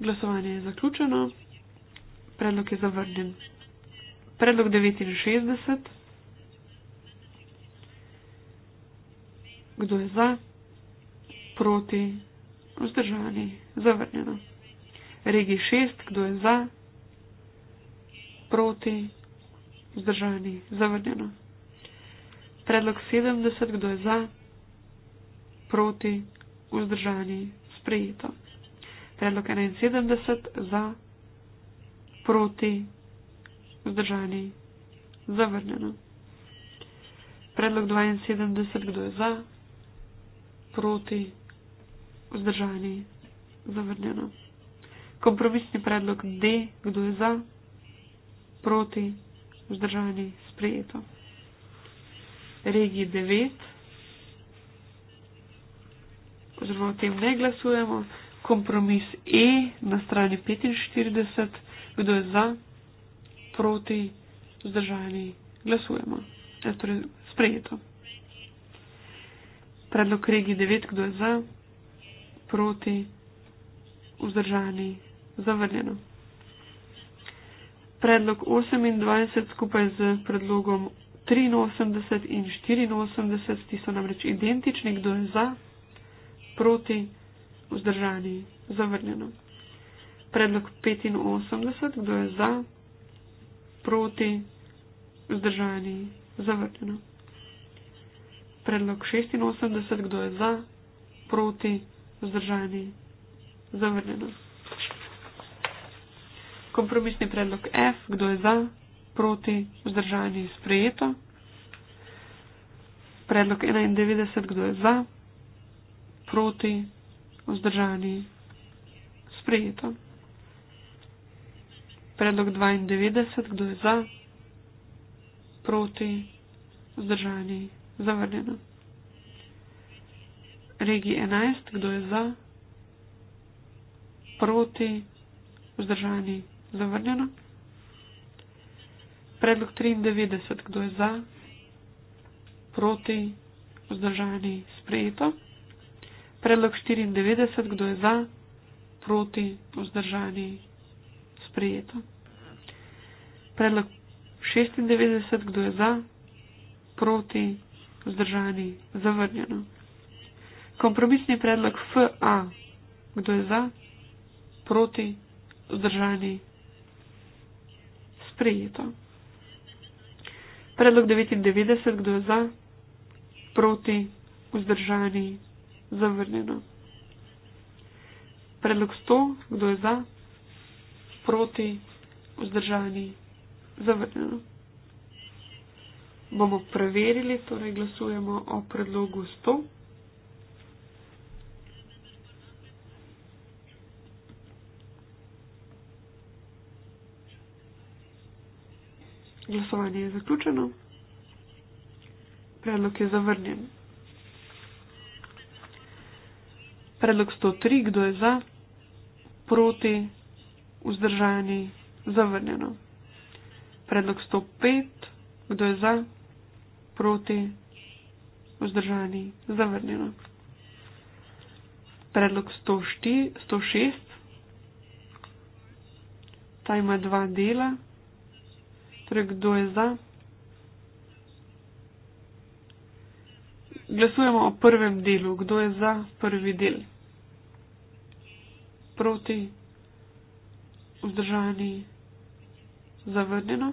Glasovanje je zaključeno. Predlog je zavrnjen. Predlog 69. Kdo je za? Proti? Vzdržani? Zavrnjeno. Regi 6. Kdo je za? proti, vzdržani, zavrnjeno. Predlog 70, kdo je za, proti, vzdržani, sprejeto. Predlog 71, za, proti, vzdržani, zavrnjeno. Predlog 72, kdo je za, proti, vzdržani, zavrnjeno. Kompromisni predlog D, kdo je za, proti vzdržani sprejeto. Regi 9, oziroma o tem ne glasujemo, kompromis E na strani 45, kdo je za, proti vzdržani glasujemo. E, torej, sprejeto. Predlog regi 9, kdo je za, proti vzdržani zavrnjeno predlog 28 skupaj z predlogom 83 in 84, ti so namreč identični, kdo je za, proti, vzdržani, zavrnjeno. Predlog 85, kdo je za, proti, vzdržani, zavrnjeno. Predlog 86, kdo je za, proti, vzdržani, zavrnjeno. Kompromisni predlog F, kdo je za, proti, vzdržani, sprejeto. Predlog 91, kdo je za, proti, vzdržani, sprejeto. Predlog 92, kdo je za, proti, vzdržani, zavrnjeno. Regi 11, kdo je za, proti, vzdržani, sprejeto. Zavrnjeno. Predlog 93. Kdo je za? Proti? Vzdržani? Sprejeto. Predlog 94. Kdo je za? Proti? Vzdržani? Sprejeto. Predlog 96. Kdo je za? Proti? Vzdržani? Zavrnjeno. Kompromisni predlog FA. Kdo je za? Proti? Vzdržani? Sprejeto sprejeto. Predlog 99, kdo je za, proti, vzdržani, zavrnjeno. Predlog 100, kdo je za, proti, vzdržani, zavrnjeno. Bomo preverili, torej glasujemo o predlogu 100. Glasovanje je zaključeno. Predlog je zavrnjen. Predlog 103, kdo je za, proti, vzdržani, zavrnjeno. Predlog 105, kdo je za, proti, vzdržani, zavrnjeno. Predlog 104, 106, ta ima dva dela. Torej, kdo je za? Glasujemo o prvem delu. Kdo je za prvi del? Proti, vzdržani, zavrnjeno.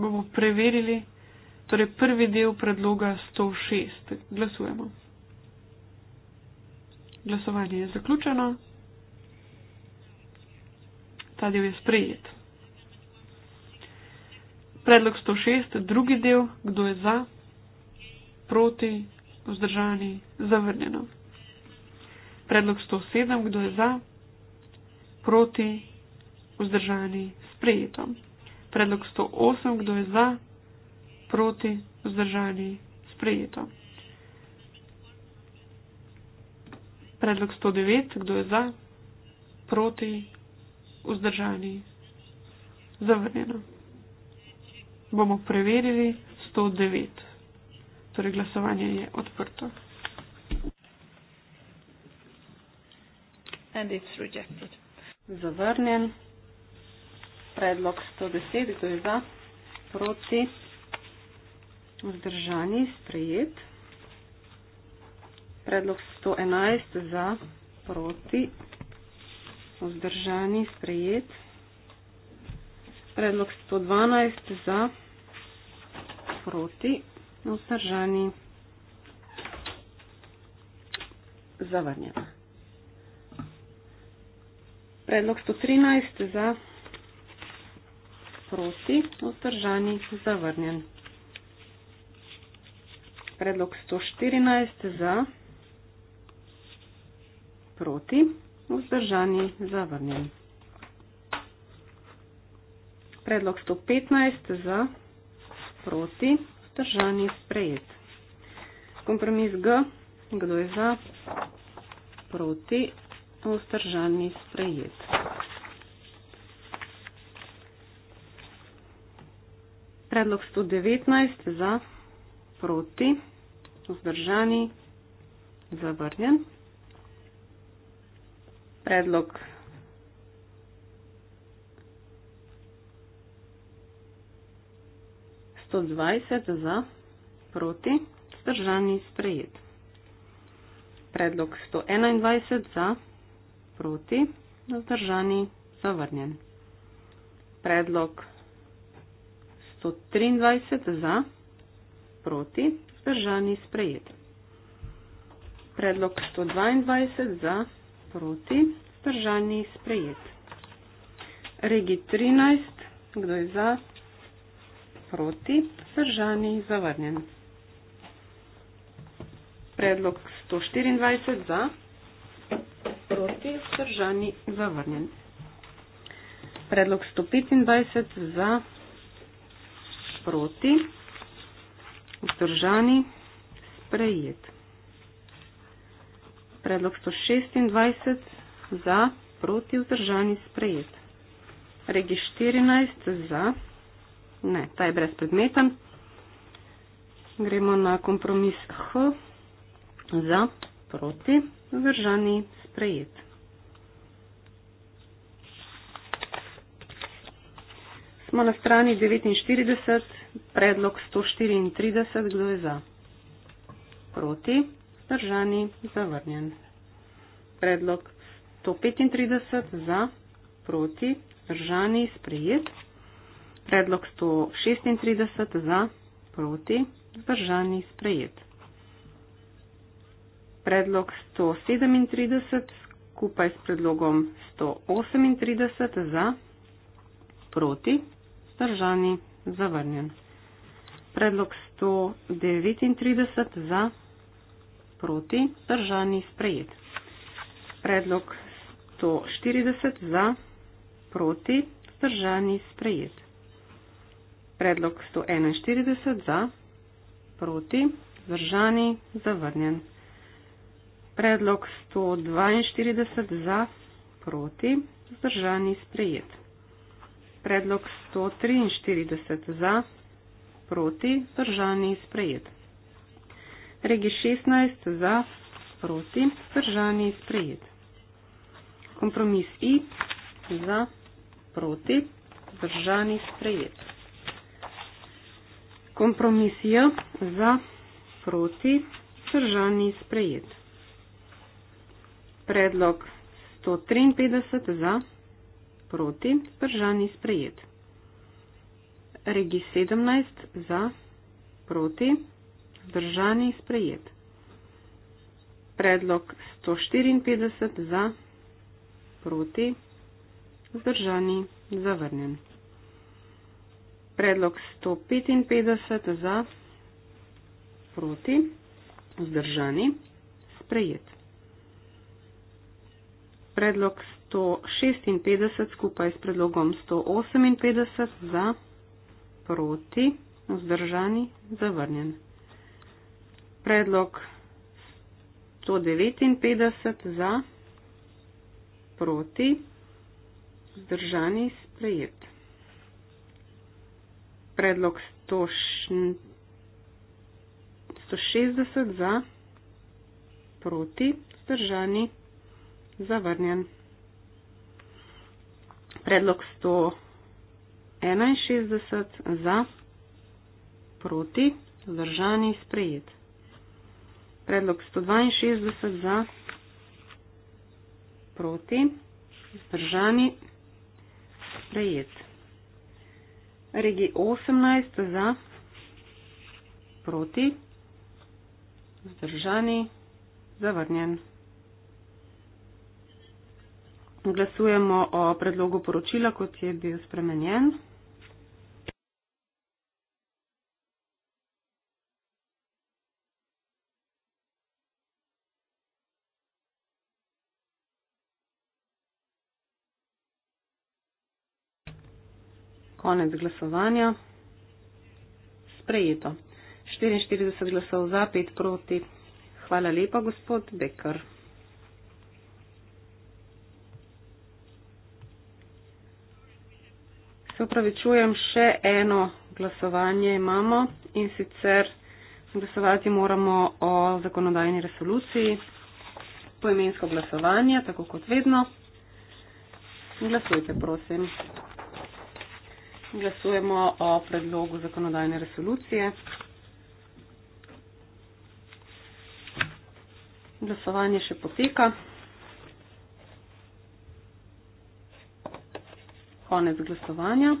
Bomo preverili. Torej, prvi del predloga 106. Glasujemo. Glasovanje je zaključeno. Ta del je sprejet. Predlog 106, drugi del, kdo je za, proti, vzdržani, zavrnjeno. Predlog 107, kdo je za, proti, vzdržani, sprejeto. Predlog 108, kdo je za, proti, vzdržani, sprejeto. Predlog 109, kdo je za, proti, vzdržani, zavrnjeno bomo preverili 109. Torej glasovanje je odprto. And it's rejected. Zavrnjen. Predlog 110, to je za, proti, vzdržani, sprejet. Predlog 111, za, proti, vzdržani, sprejet. Predlog 112, za, proti proti vzdržani. Zavrnjena. Predlog 113 za proti vzdržani zavrnjen. Predlog 114 za proti vzdržani zavrnjen. Predlog 115 za proti proti, vzdržani, sprejet. Kompromis G, kdo je za, proti, vzdržani, sprejet. Predlog 119 za, proti, vzdržani, zavrnjen. Predlog 120 za, proti, vzdržani, sprejet. Predlog 121 za, proti, vzdržani, zavrnjen. Predlog 123 za, proti, vzdržani, sprejet. Predlog 122 za, proti, vzdržani, sprejet. Regi 13, kdo je za, proti proti, vzdržani, zavrnjen. Predlog 124 za, proti, vzdržani, zavrnjen. Predlog 125 za, proti, vzdržani, sprejet. Predlog 126 za, proti, vzdržani, sprejet. Regi 14 za, proti, vzdržani, sprejet. Ne, ta je brezpredmeten. Gremo na kompromis H za proti vzdržani sprejet. Smo na strani 49, predlog 134, kdo je za? Proti, zdržani, zavrnjen. Predlog 135 za, proti, zdržani, sprejet predlog 136 za, proti, zdržani, sprejet. Predlog 137 skupaj s predlogom 138 za, proti, zdržani, zavrnjen. Predlog 139 za, proti, zdržani, sprejet. Predlog 140 za, proti, zdržani, sprejet. Predlog 141 za, proti, zdržani, zavrnjen. Predlog 142 za, proti, zdržani, sprejet. Predlog 143 za, proti, zdržani, sprejet. Regi 16 za, proti, zdržani, sprejet. Kompromis I za, proti, zdržani, sprejet kompromis J za proti vzdržani sprejet. Predlog 153 za proti vzdržani sprejet. Regi 17 za proti vzdržani sprejet. Predlog 154 za proti vzdržani zavrnjen. Predlog 155 za proti vzdržani sprejet. Predlog 156 skupaj s predlogom 158 za proti vzdržani zavrnjen. Predlog 159 za proti vzdržani sprejet predlog 160 za, proti, zdržani, zavrnjen. Predlog 161 za, proti, zdržani, sprejet. Predlog 162 za, proti, zdržani, sprejet. Regi 18 za, proti, zdržani, zavrnjen. Glasujemo o predlogu poročila, kot je bil spremenjen. konec glasovanja. Sprejeto. 44 glasov za, 5 proti. Hvala lepa, gospod Bekr. Se upravičujem, še eno glasovanje imamo in sicer glasovati moramo o zakonodajni resoluciji. Poimensko glasovanje, tako kot vedno. Glasujte, prosim glasujemo o predlogu zakonodajne resolucije. Glasovanje še poteka. Konec glasovanja.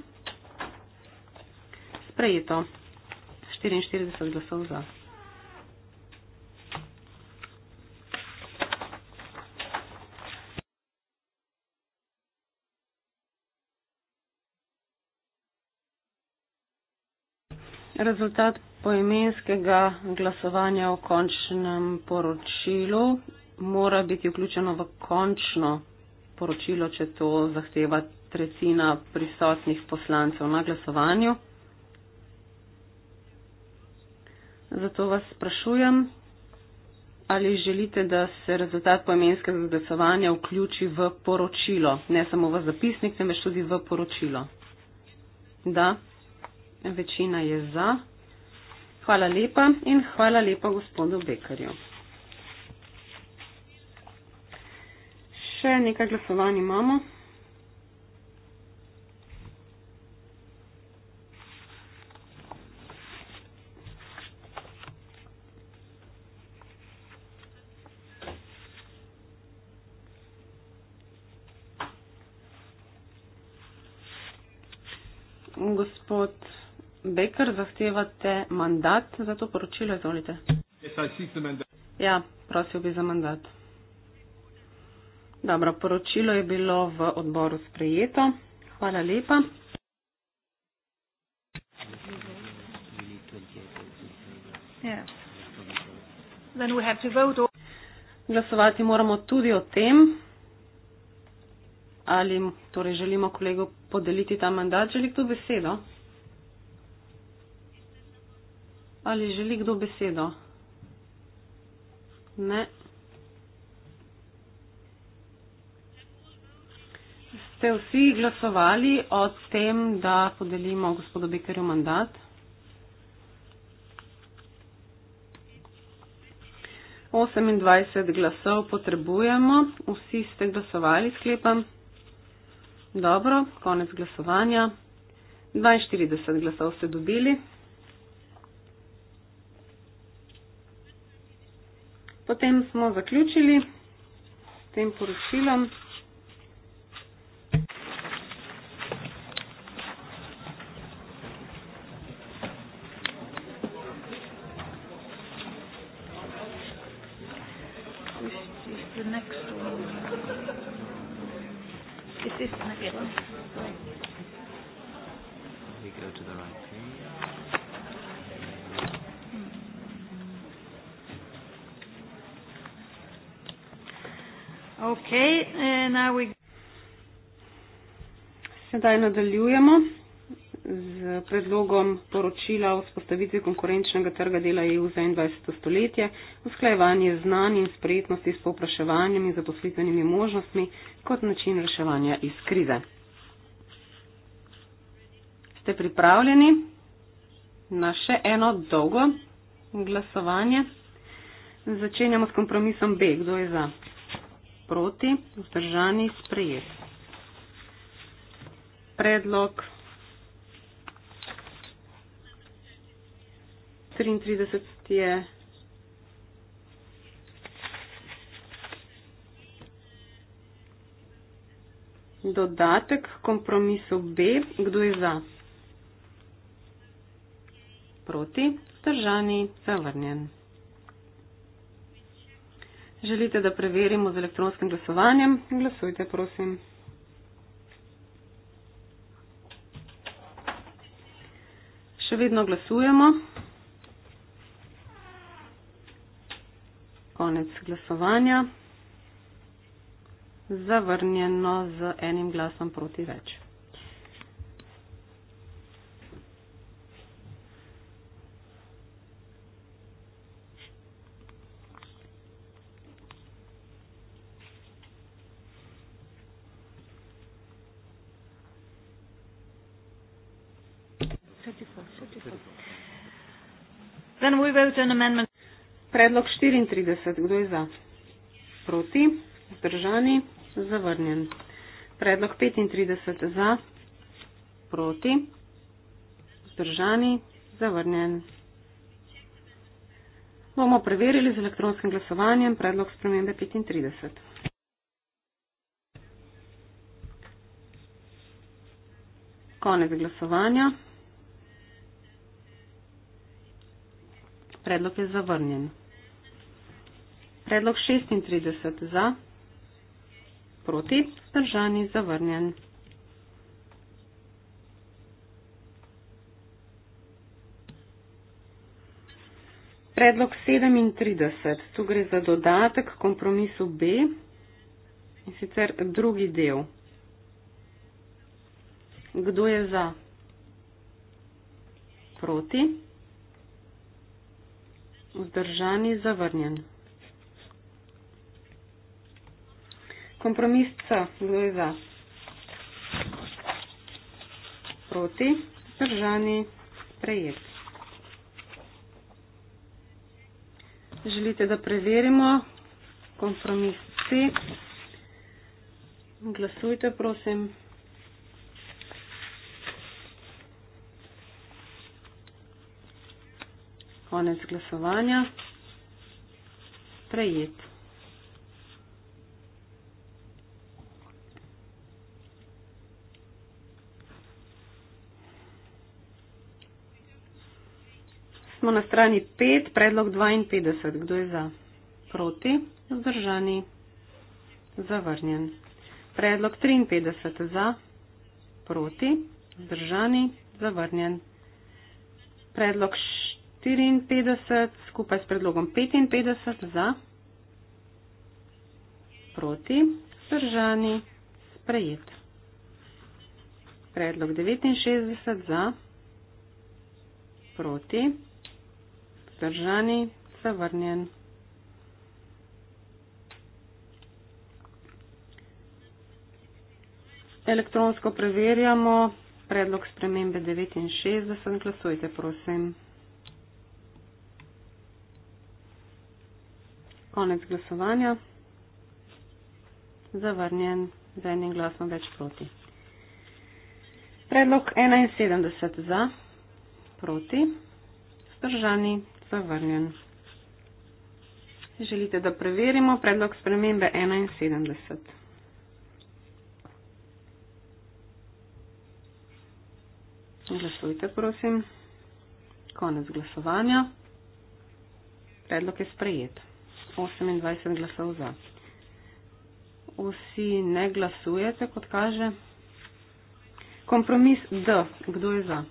Sprejeto. 44 glasov za. rezultat poimenskega glasovanja o končnem poročilu mora biti vključeno v končno poročilo, če to zahteva tretjina prisotnih poslancev na glasovanju. Zato vas sprašujem, ali želite, da se rezultat poimenskega glasovanja vključi v poročilo, ne samo v zapisnik, temveč tudi v poročilo. Da. Večina je za. Hvala lepa in hvala lepa gospodu Bekarju. Še nekaj glasovanj imamo. Baker, zahtevate mandat za to poročilo, izvolite. Ja, prosil bi za mandat. Dobro, poročilo je bilo v odboru sprejeto. Hvala lepa. Glasovati moramo tudi o tem, ali torej želimo kolego podeliti ta mandat. Želi kdo besedo? Ali želi kdo besedo? Ne. Ste vsi glasovali o tem, da podelimo gospodu Bekerju mandat? osemindvajset glasov potrebujemo, vsi ste glasovali, sklepam. Dobro, konec glasovanja. dvainštirideset glasov ste dobili. Potem smo zaključili s tem poročilom. sedaj nadaljujemo z predlogom poročila o spostavitvi konkurenčnega trga dela EU za 21. stoletje, usklajevanje znanj in spretnosti s popraševanjem in zaposlitvenimi možnostmi kot način reševanja iz krize. Ste pripravljeni na še eno dolgo glasovanje? Začenjamo s kompromisom B. Kdo je za? Proti, vzdržani, sprejeti predlog 33 je dodatek kompromisu B. Kdo je za? Proti, držani, zavrnjen. Želite, da preverimo z elektronskim glasovanjem? Glasujte, prosim. še vedno glasujemo. Konec glasovanja. Zavrnjeno z enim glasom proti več. we vote on amendment. Predlog 34. Kdo je za? Proti? Zdržani? Zavrnjen. Predlog 35. Za? Proti? Zdržani? Zavrnjen. Bomo preverili z elektronskim glasovanjem predlog spremembe 35. Konec glasovanja. Predlog je zavrnjen. Predlog 36 za. Proti. Zdržani. Zavrnjen. Predlog 37. Tu gre za dodatek kompromisu B in sicer drugi del. Kdo je za? Proti vzdržani zavrnjen. Kompromis C, kdo je za? Proti, vzdržani, sprejet. Želite, da preverimo kompromis C? Glasujte, prosim. konec glasovanja. Prejet. Smo na strani 5, predlog 52. Kdo je za? Proti, vzdržani, zavrnjen. Predlog 53 za, proti, vzdržani, zavrnjen. Predlog 54 skupaj s predlogom 55 za, proti, vzdržani, sprejet. Predlog 69 za, proti, vzdržani, zavrnjen. Elektronsko preverjamo predlog spremembe 69. Glasujte, prosim. Konec glasovanja. Zavrnjen z enim glasom več proti. Predlog 71 za, proti, zdržani, zavrnjen. Želite, da preverimo predlog spremembe 71. Glasujte, prosim. Konec glasovanja. Predlog je sprejet. 28 glasov za. Vsi ne glasujete, kot kaže. Kompromis D. Kdo je za?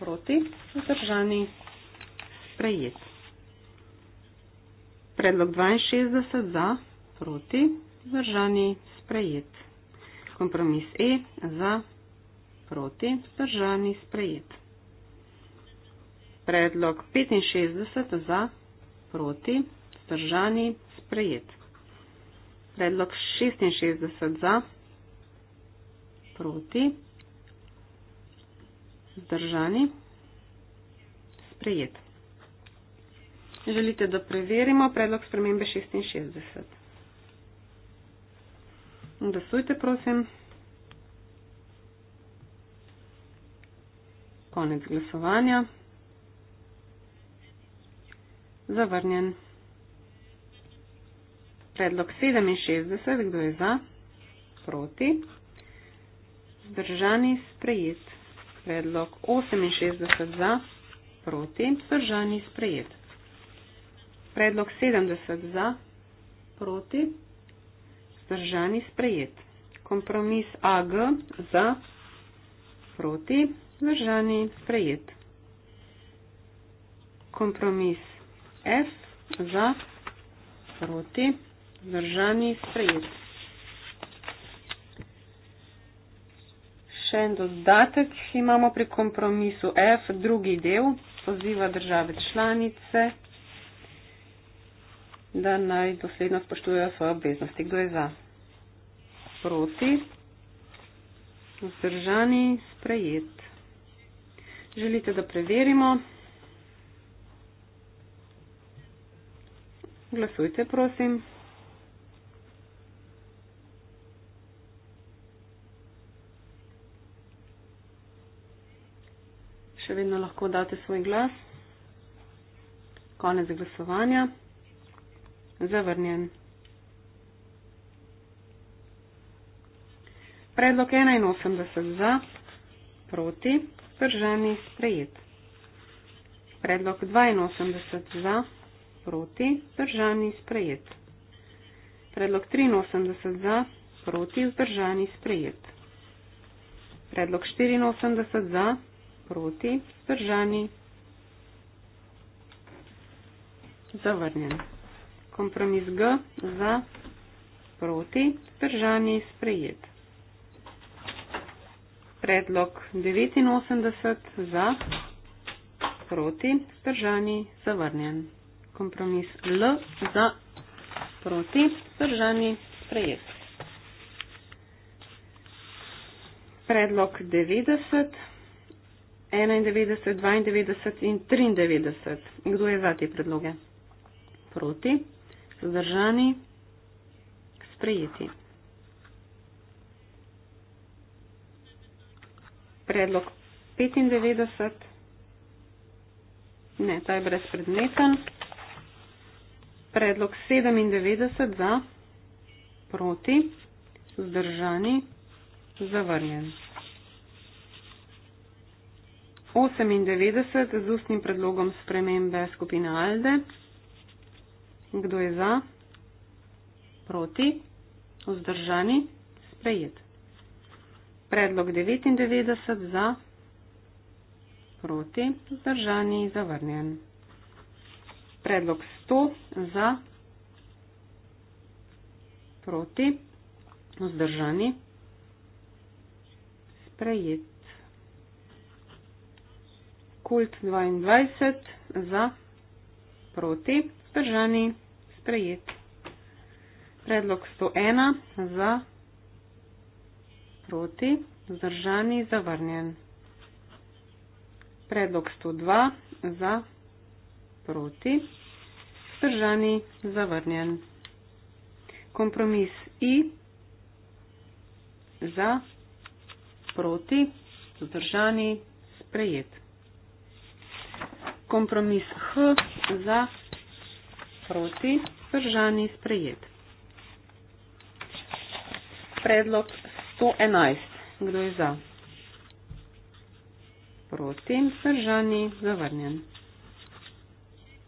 Proti. Zdržani. Sprejet. Predlog 62 za. Proti. Zdržani. Sprejet. Kompromis E. Za. Proti. Zdržani. Sprejet. Predlog 65 za proti, vzdržani, sprejet. Predlog 66 za, proti, vzdržani, sprejet. Želite, da preverimo predlog spremembe 66? Glasujte, prosim. Konec glasovanja. Zavrnjen. Predlog 67. Kdo je za? Proti. Zdržani sprejet. Predlog 68. Za? Proti. Zdržani sprejet. Predlog 70. Za? Proti. Zdržani sprejet. Kompromis AG za, proti, zdržani, sprejet. Kompromis F za proti držani sprejet. Še en dodatek imamo pri kompromisu F, drugi del, poziva države članice, da naj dosledno spoštujejo svoje obveznosti. Kdo je za? Proti. Vzdržani sprejet. Želite, da preverimo? Glasujte, prosim. Še vedno lahko date svoj glas. Konec glasovanja. Zavrnjen. Predlog 81 za, proti, vzdržani, sprejet. Predlog 82 za proti, vzdržani sprejet. Predlog 83 za, proti, vzdržani sprejet. Predlog 84 za, proti, vzdržani. Zavrnjen. Kompromis G za, proti, vzdržani sprejet. Predlog 89 za, proti, vzdržani, zavrnjen kompromis L za proti vzdržani sprejet. Predlog 90, 91, 92 in 93. Kdo je za te predloge? Proti, vzdržani, sprejeti. Predlog 95, ne, ta je brezpredmeten predlog 97 za, proti, zdržani, zavrnjen. 98 z ustnim predlogom spremembe skupine Alde. Kdo je za, proti, vzdržani, sprejet. Predlog 99 za, proti, vzdržani, zavrnjen predlog 100 za, proti, vzdržani, sprejet. Kult 22 za, proti, vzdržani, sprejet. Predlog 101 za, proti, vzdržani, zavrnjen. Predlog 102 za, proti, vzdržani, zavrnjen proti, vzdržani, zavrnjen. Kompromis I za, proti, vzdržani, sprejet. Kompromis H za, proti, vzdržani, sprejet. Predlog 111. Kdo je za? Proti, vzdržani, zavrnjen.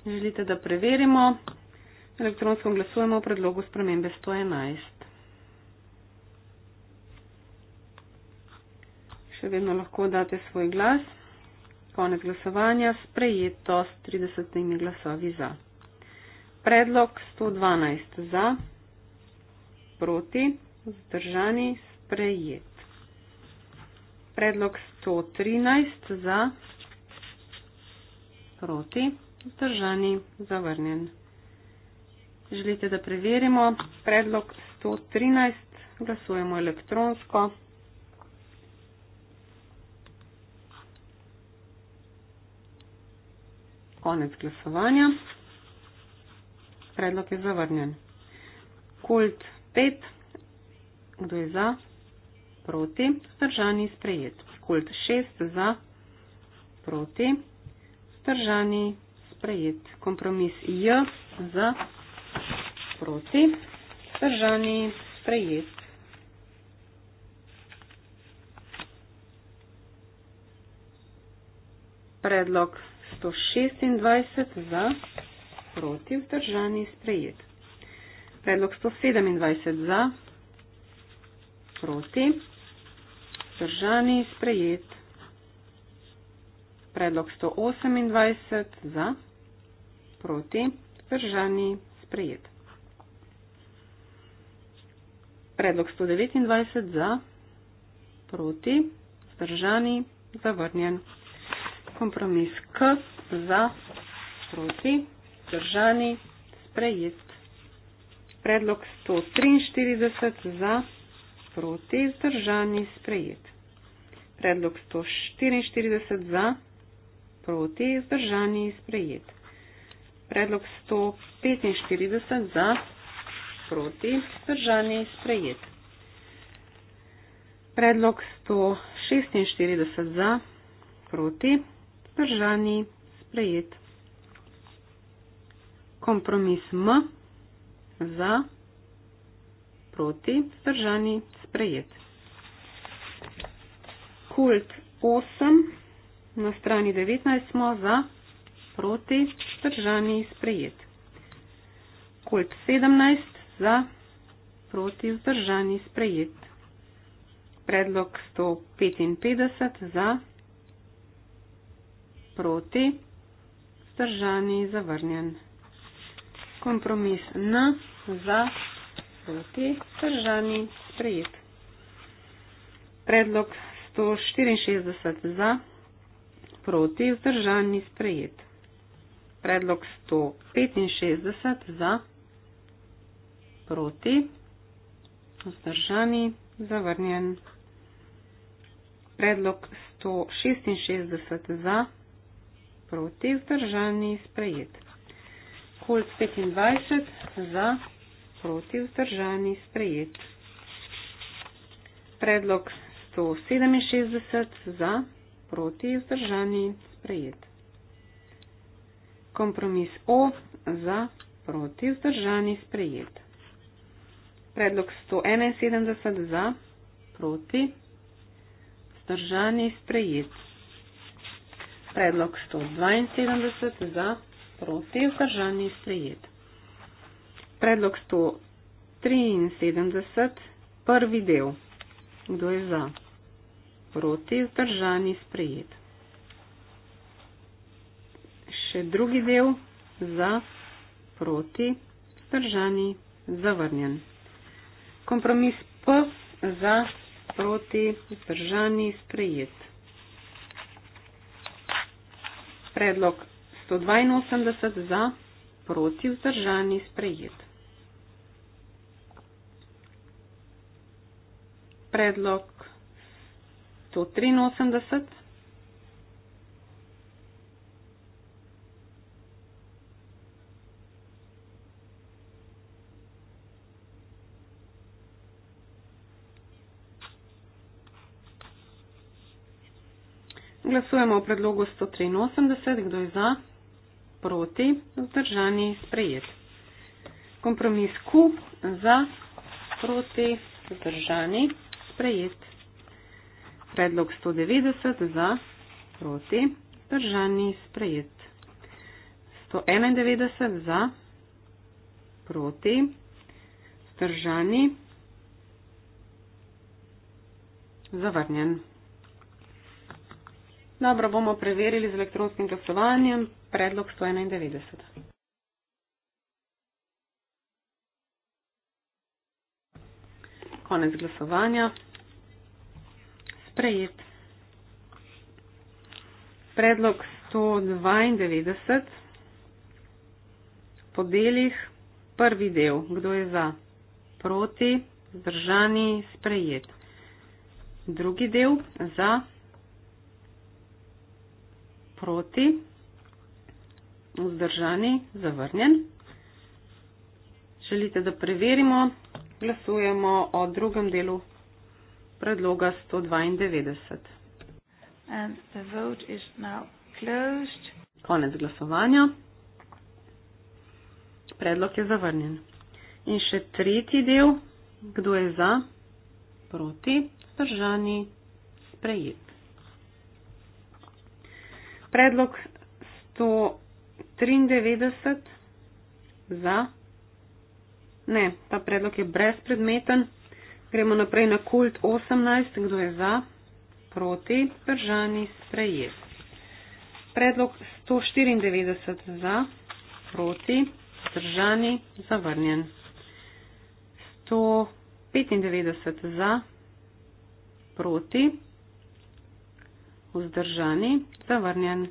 Želite, da preverimo? Elektronsko glasujemo o predlogu spremembe 111. Še vedno lahko date svoj glas. Konec glasovanja. Sprejeto s 30 glasovi za. Predlog 112 za. Proti. Zdržani. Sprejet. Predlog 113 za. Proti vzdržani, zavrnjen. Želite, da preverimo predlog 113, glasujemo elektronsko. Konec glasovanja. Predlog je zavrnjen. Kult 5. Kdo je za? Proti. Vzdržani sprejet. Kult 6. Za. Proti. Vzdržani sprejet. Kompromis J za proti. Zdržani sprejet. Predlog 126 za proti. Zdržani sprejet. Predlog 127 za proti. Zdržani sprejet. Predlog 128 za proti proti, vzdržani, sprejet. Predlog 129 za, proti, vzdržani, zavrnjen. Kompromis K za, proti, vzdržani, sprejet. Predlog 143 za, proti, vzdržani, sprejet. Predlog 144 za, proti, vzdržani, sprejet. Predlog 145 za, proti, vzdržani, sprejet. Predlog 146 za, proti, vzdržani, sprejet. Kompromis M za, proti, vzdržani, sprejet. Kult 8 na strani 19 smo za, proti, vzdržani, sprejet. Kolb 17 za, proti, vzdržani, sprejet. Predlog 155 za, proti, vzdržani, zavrnjen. Kompromis N za, proti, vzdržani, sprejet. Predlog 164 za, proti, vzdržani, sprejet predlog 165 za, proti, vzdržani, zavrnjen. Predlog 166 za, proti, vzdržani, sprejet. Kult 25 za, proti, vzdržani, sprejet. Predlog 167 za, proti, vzdržani, sprejet kompromis O za proti vzdržani sprejet. Predlog 171 za proti vzdržani sprejet. Predlog 172 za proti vzdržani sprejet. Predlog 173 prvi del. Kdo je za? Proti vzdržani sprejet še drugi del za proti zdržani zavrnjen. Kompromis P za proti zdržani sprejet. Predlog 182 za proti vzdržani sprejet. Predlog 183 Glasujemo o predlogu 183. Kdo je za? Proti? Vzdržani? Sprejet. Kompromis Q za? Proti? Vzdržani? Sprejet. Predlog 190 za? Proti? Vzdržani? Sprejet. 191 za? Proti? Vzdržani? Zavrnjen. Dobro, bomo preverili z elektronskim glasovanjem. Predlog 191. Konec glasovanja. Sprejet. Predlog 192. Po delih. Prvi del. Kdo je za? Proti. Zdržani. Sprejet. Drugi del. Za proti, vzdržani, zavrnjen. Želite, da preverimo, glasujemo o drugem delu predloga 192. And the vote is now closed. Konec glasovanja. Predlog je zavrnjen. In še tretji del, kdo je za, proti, vzdržani, sprejet. Predlog 193 za. Ne, ta predlog je brezpredmeten. Gremo naprej na kult 18. Kdo je za? Proti. Pržani sprejet. Predlog 194 za. Proti. Pržani zavrnjen. 195 za. Proti vzdržani, zavrnjen.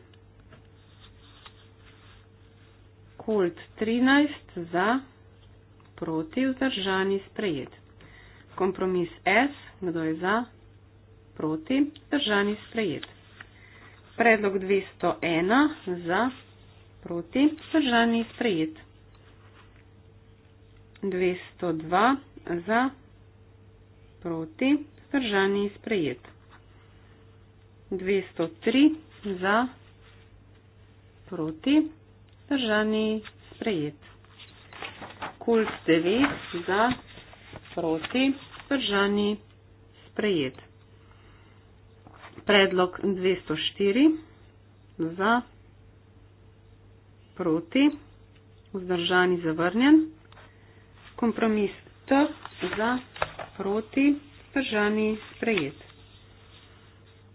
Kult 13 za, proti vzdržani, sprejet. Kompromis S, kdo je za, proti vzdržani, sprejet. Predlog 201 za, proti vzdržani, sprejet. 202 za, proti vzdržani, sprejet. 204. 203 za, proti, držani, sprejet. Kult 9 za, proti, držani, sprejet. Predlog 204 za, proti, vzdržani, zavrnjen. Kompromis T za, proti, držani, sprejet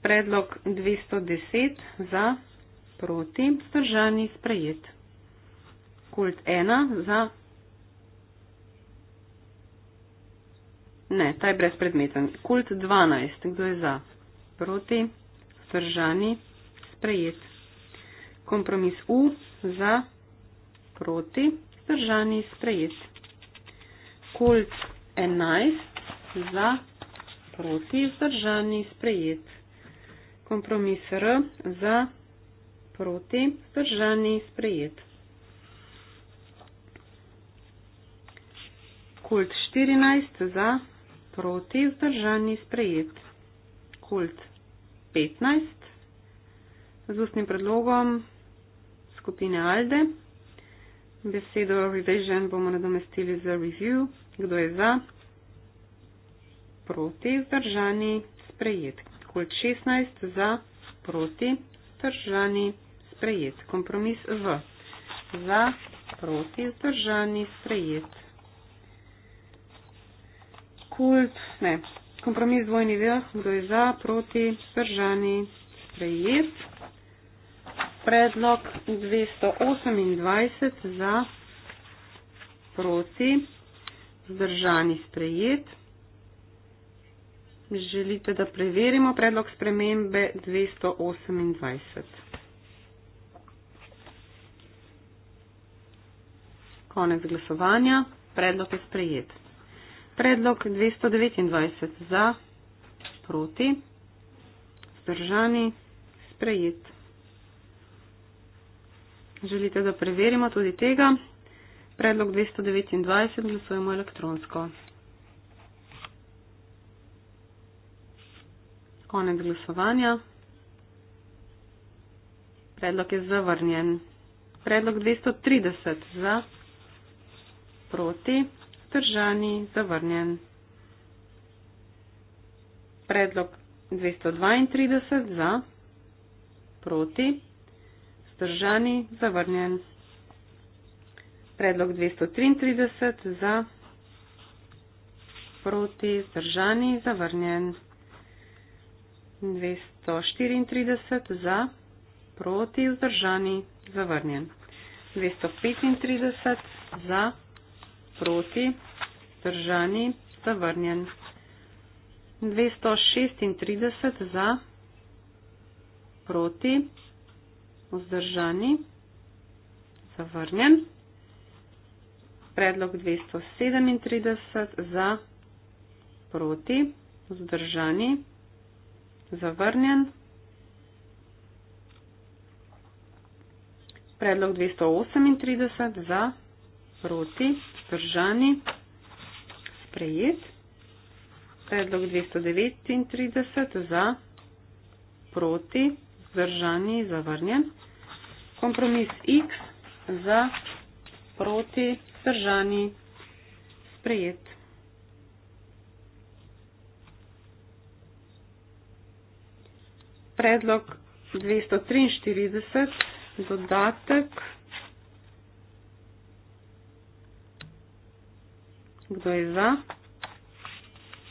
predlog 210 za, proti, vzdržani, sprejet. Kult 1 za. Ne, ta je brezpredmeten. Kult 12, kdo je za, proti, vzdržani, sprejet. Kompromis U za, proti, vzdržani, sprejet. Kult 11 za, proti, vzdržani, sprejet kompromis R za proti zdržani sprejet. Kult 14 za proti zdržani sprejet. Kult 15 z ustnim predlogom skupine Alde. Besedo revision bomo nadomestili za review. Kdo je za? Proti zdržani sprejet kul 16 za proti vzdržani sprejet. Kompromis v. Za proti vzdržani sprejet. Kult, ne, kompromis dvojni del, kdo je za proti vzdržani sprejet. Predlog 228 za proti vzdržani sprejet. Želite, da preverimo predlog spremembe 228. Konec glasovanja. Predlog je sprejet. Predlog 229 za, proti, zdržani, sprejet. Želite, da preverimo tudi tega? Predlog 229 glasujemo elektronsko. Konec glasovanja. Predlog je zavrnjen. Predlog 230 za, proti, vzdržani, zavrnjen. Predlog 232 za, proti, vzdržani, zavrnjen. Predlog 233 za, proti, vzdržani, zavrnjen. 234 za, proti vzdržani, zavrnjen. 235 za, proti vzdržani, zavrnjen. 236 za, proti vzdržani, zavrnjen. Predlog 237 za, proti vzdržani, zavrnjen zavrnjen. Predlog 238 za, proti, zdržani, sprejet. Predlog 239 za, proti, zdržani, zavrnjen. Kompromis X za, proti, zdržani, sprejet. predlog 243, dodatek. Kdo je za?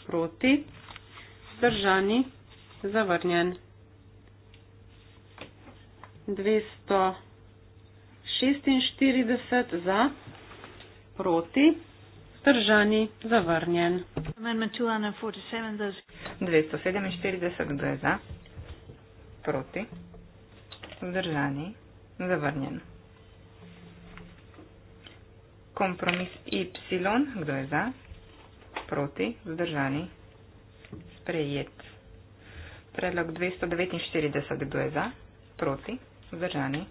Proti? Zdržani? Zavrnjen. 246 za, proti, zdržani, zavrnjen. 247, kdo je za? proti, vzdržani, zavrnjen. Kompromis Y, kdo je za, proti, vzdržani, sprejet. Predlog 249, kdo je za, proti, vzdržani,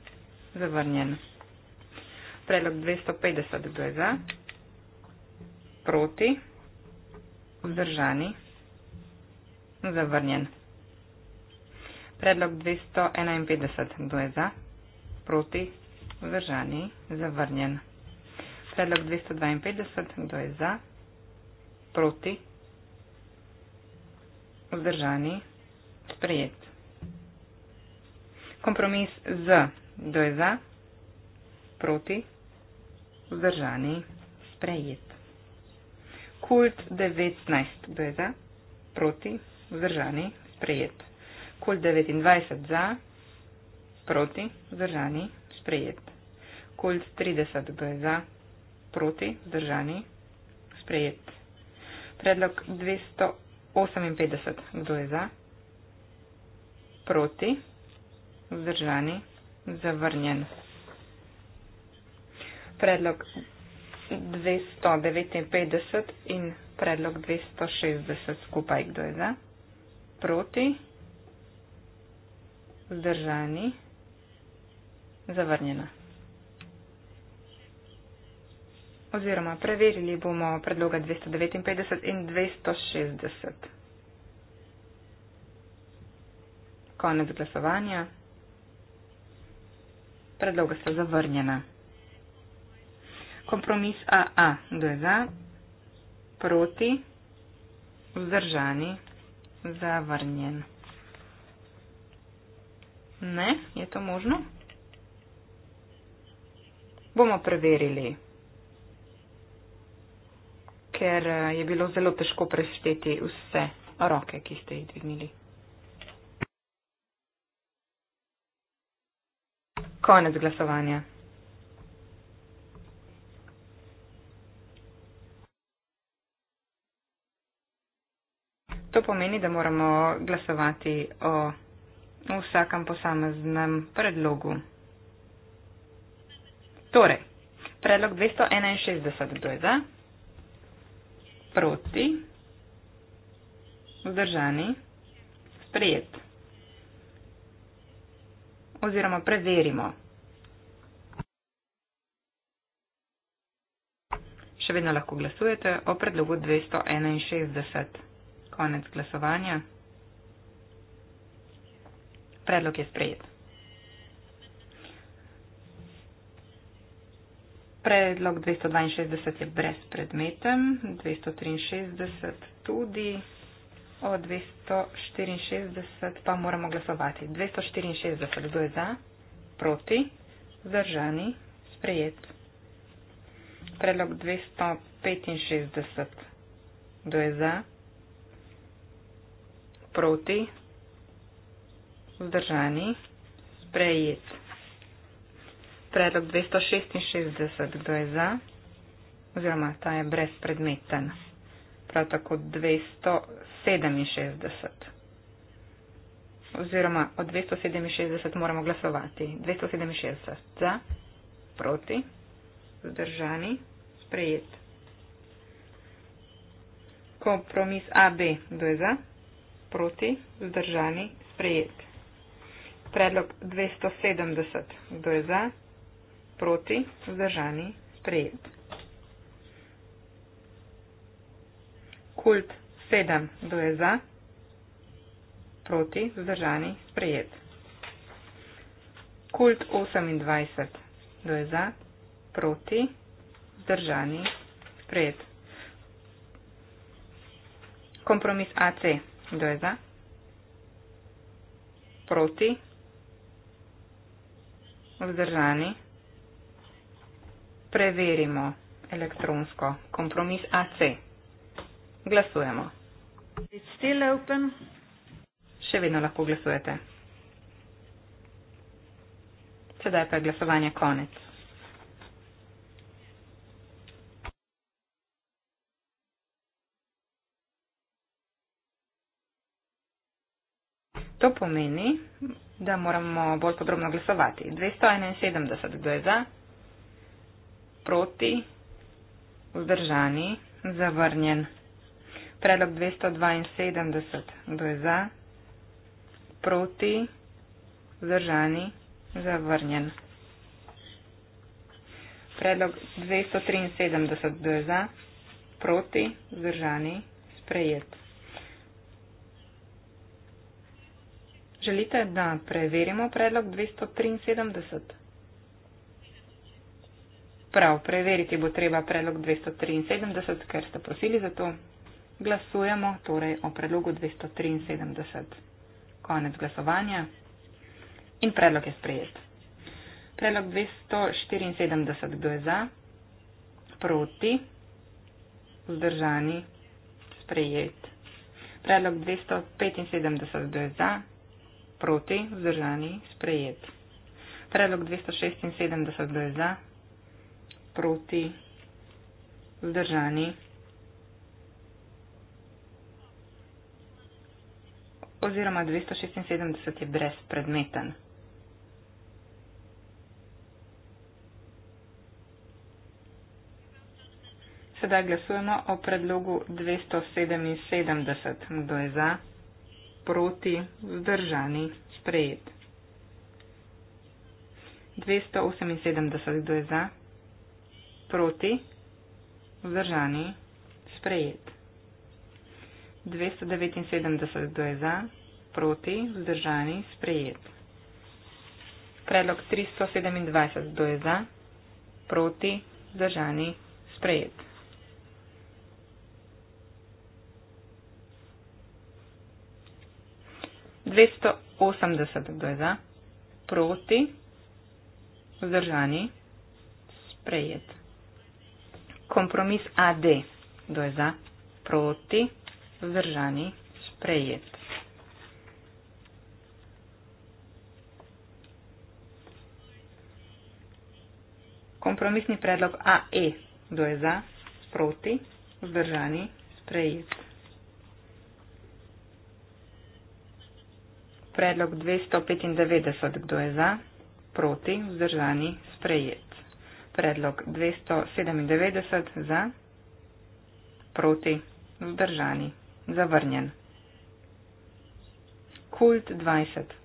zavrnjen. Predlog 250, kdo je za, proti, vzdržani, zavrnjen. Predlog 251. Kdo je za? Proti? Vzdržani? Zavrnjen. Predlog 252. Kdo je za? Proti? Vzdržani? Sprejet. Kompromis z. Kdo je za? Proti? Vzdržani? Sprejet. Kult 19. Kdo je za? Proti? Vzdržani? Sprejet kul 29 za, proti, vzdržani, sprejet. Kul 30 b za, proti, vzdržani, sprejet. Predlog 258, kdo je za, proti, vzdržani, zavrnjen. Predlog 259 in predlog 260 skupaj, kdo je za, proti, vzdržani vzdržani, zavrnjena. Oziroma, preverili bomo predloga 259 in 260. Konec glasovanja. Predloga sta zavrnjena. Kompromis AA. Kdo je za? Proti? Vzdržani? Zavrnjen. Ne, je to možno? Bomo preverili, ker eh, je bilo zelo težko prešteti vse roke, ki ste jih dvignili. Konec glasovanja. To pomeni, da moramo glasovati o v vsakem posameznem predlogu. Torej, predlog 261, kdo je za? Proti? Vzdržani? Sprejet? Oziroma preverimo. Še vedno lahko glasujete o predlogu 261. Konec glasovanja predlog je sprejet. Predlog 262 je brez predmetem, 263 tudi, o 264 pa moramo glasovati. 264, kdo je za, proti, zdržani, sprejet. Predlog 265, kdo je za, proti, vzdržani, sprejet. Predlog 266, kdo je za, oziroma ta je brezpredmeten, prav tako 267. Oziroma od 267 moramo glasovati. 267 za, proti, vzdržani, sprejet. Kompromis AB, kdo je za, proti, vzdržani, sprejet. Predlog 270. Kdo je za? Proti? Zdržani? Sprejet. Kult 7. Kdo je za? Proti? Zdržani? Sprejet. Kult 28. Kdo je za? Proti? Zdržani? Sprejet. Kompromis AC. Kdo je za? Proti? Zdržani? Sprejet. Vzdržani. Preverimo elektronsko kompromis AC. Glasujemo. It's still open. Še vedno lahko glasujete. Sedaj pa je glasovanje konec. To pomeni, da moramo bolj podrobno glasovati. 271 kdo je za, proti, vzdržani, zavrnjen. Predlog 272 kdo je za, proti, vzdržani, zavrnjen. Predlog 273 kdo je za, proti, vzdržani, sprejet. Želite, da preverimo predlog 273? Prav, preveriti bo treba predlog 273, ker ste prosili za to. Glasujemo torej o predlogu 273. Konec glasovanja in predlog je sprejet. Predlog 274, kdo je za? Proti? Vzdržani? Sprejet. Predlog 275, kdo je za? proti, vzdržani, sprejet. Predlog 276 je za, proti, vzdržani. Oziroma 276 je brezpredmeten. Sedaj glasujemo o predlogu 277. Kdo je za? proti, vzdržani, sprejet. 278 kdo je za, proti, vzdržani, sprejet. 279 kdo je za, proti, vzdržani, sprejet. Predlog 327 kdo je za, proti, vzdržani, sprejet. 280 kdo je za, proti, vzdržani, sprejet. Kompromis AD, kdo je za, proti, vzdržani, sprejet. Kompromisni predlog AE, kdo je za, proti, vzdržani, sprejet. predlog 295, kdo je za, proti, vzdržani, sprejet. Predlog 297 za, proti, vzdržani, zavrnjen. Kult 20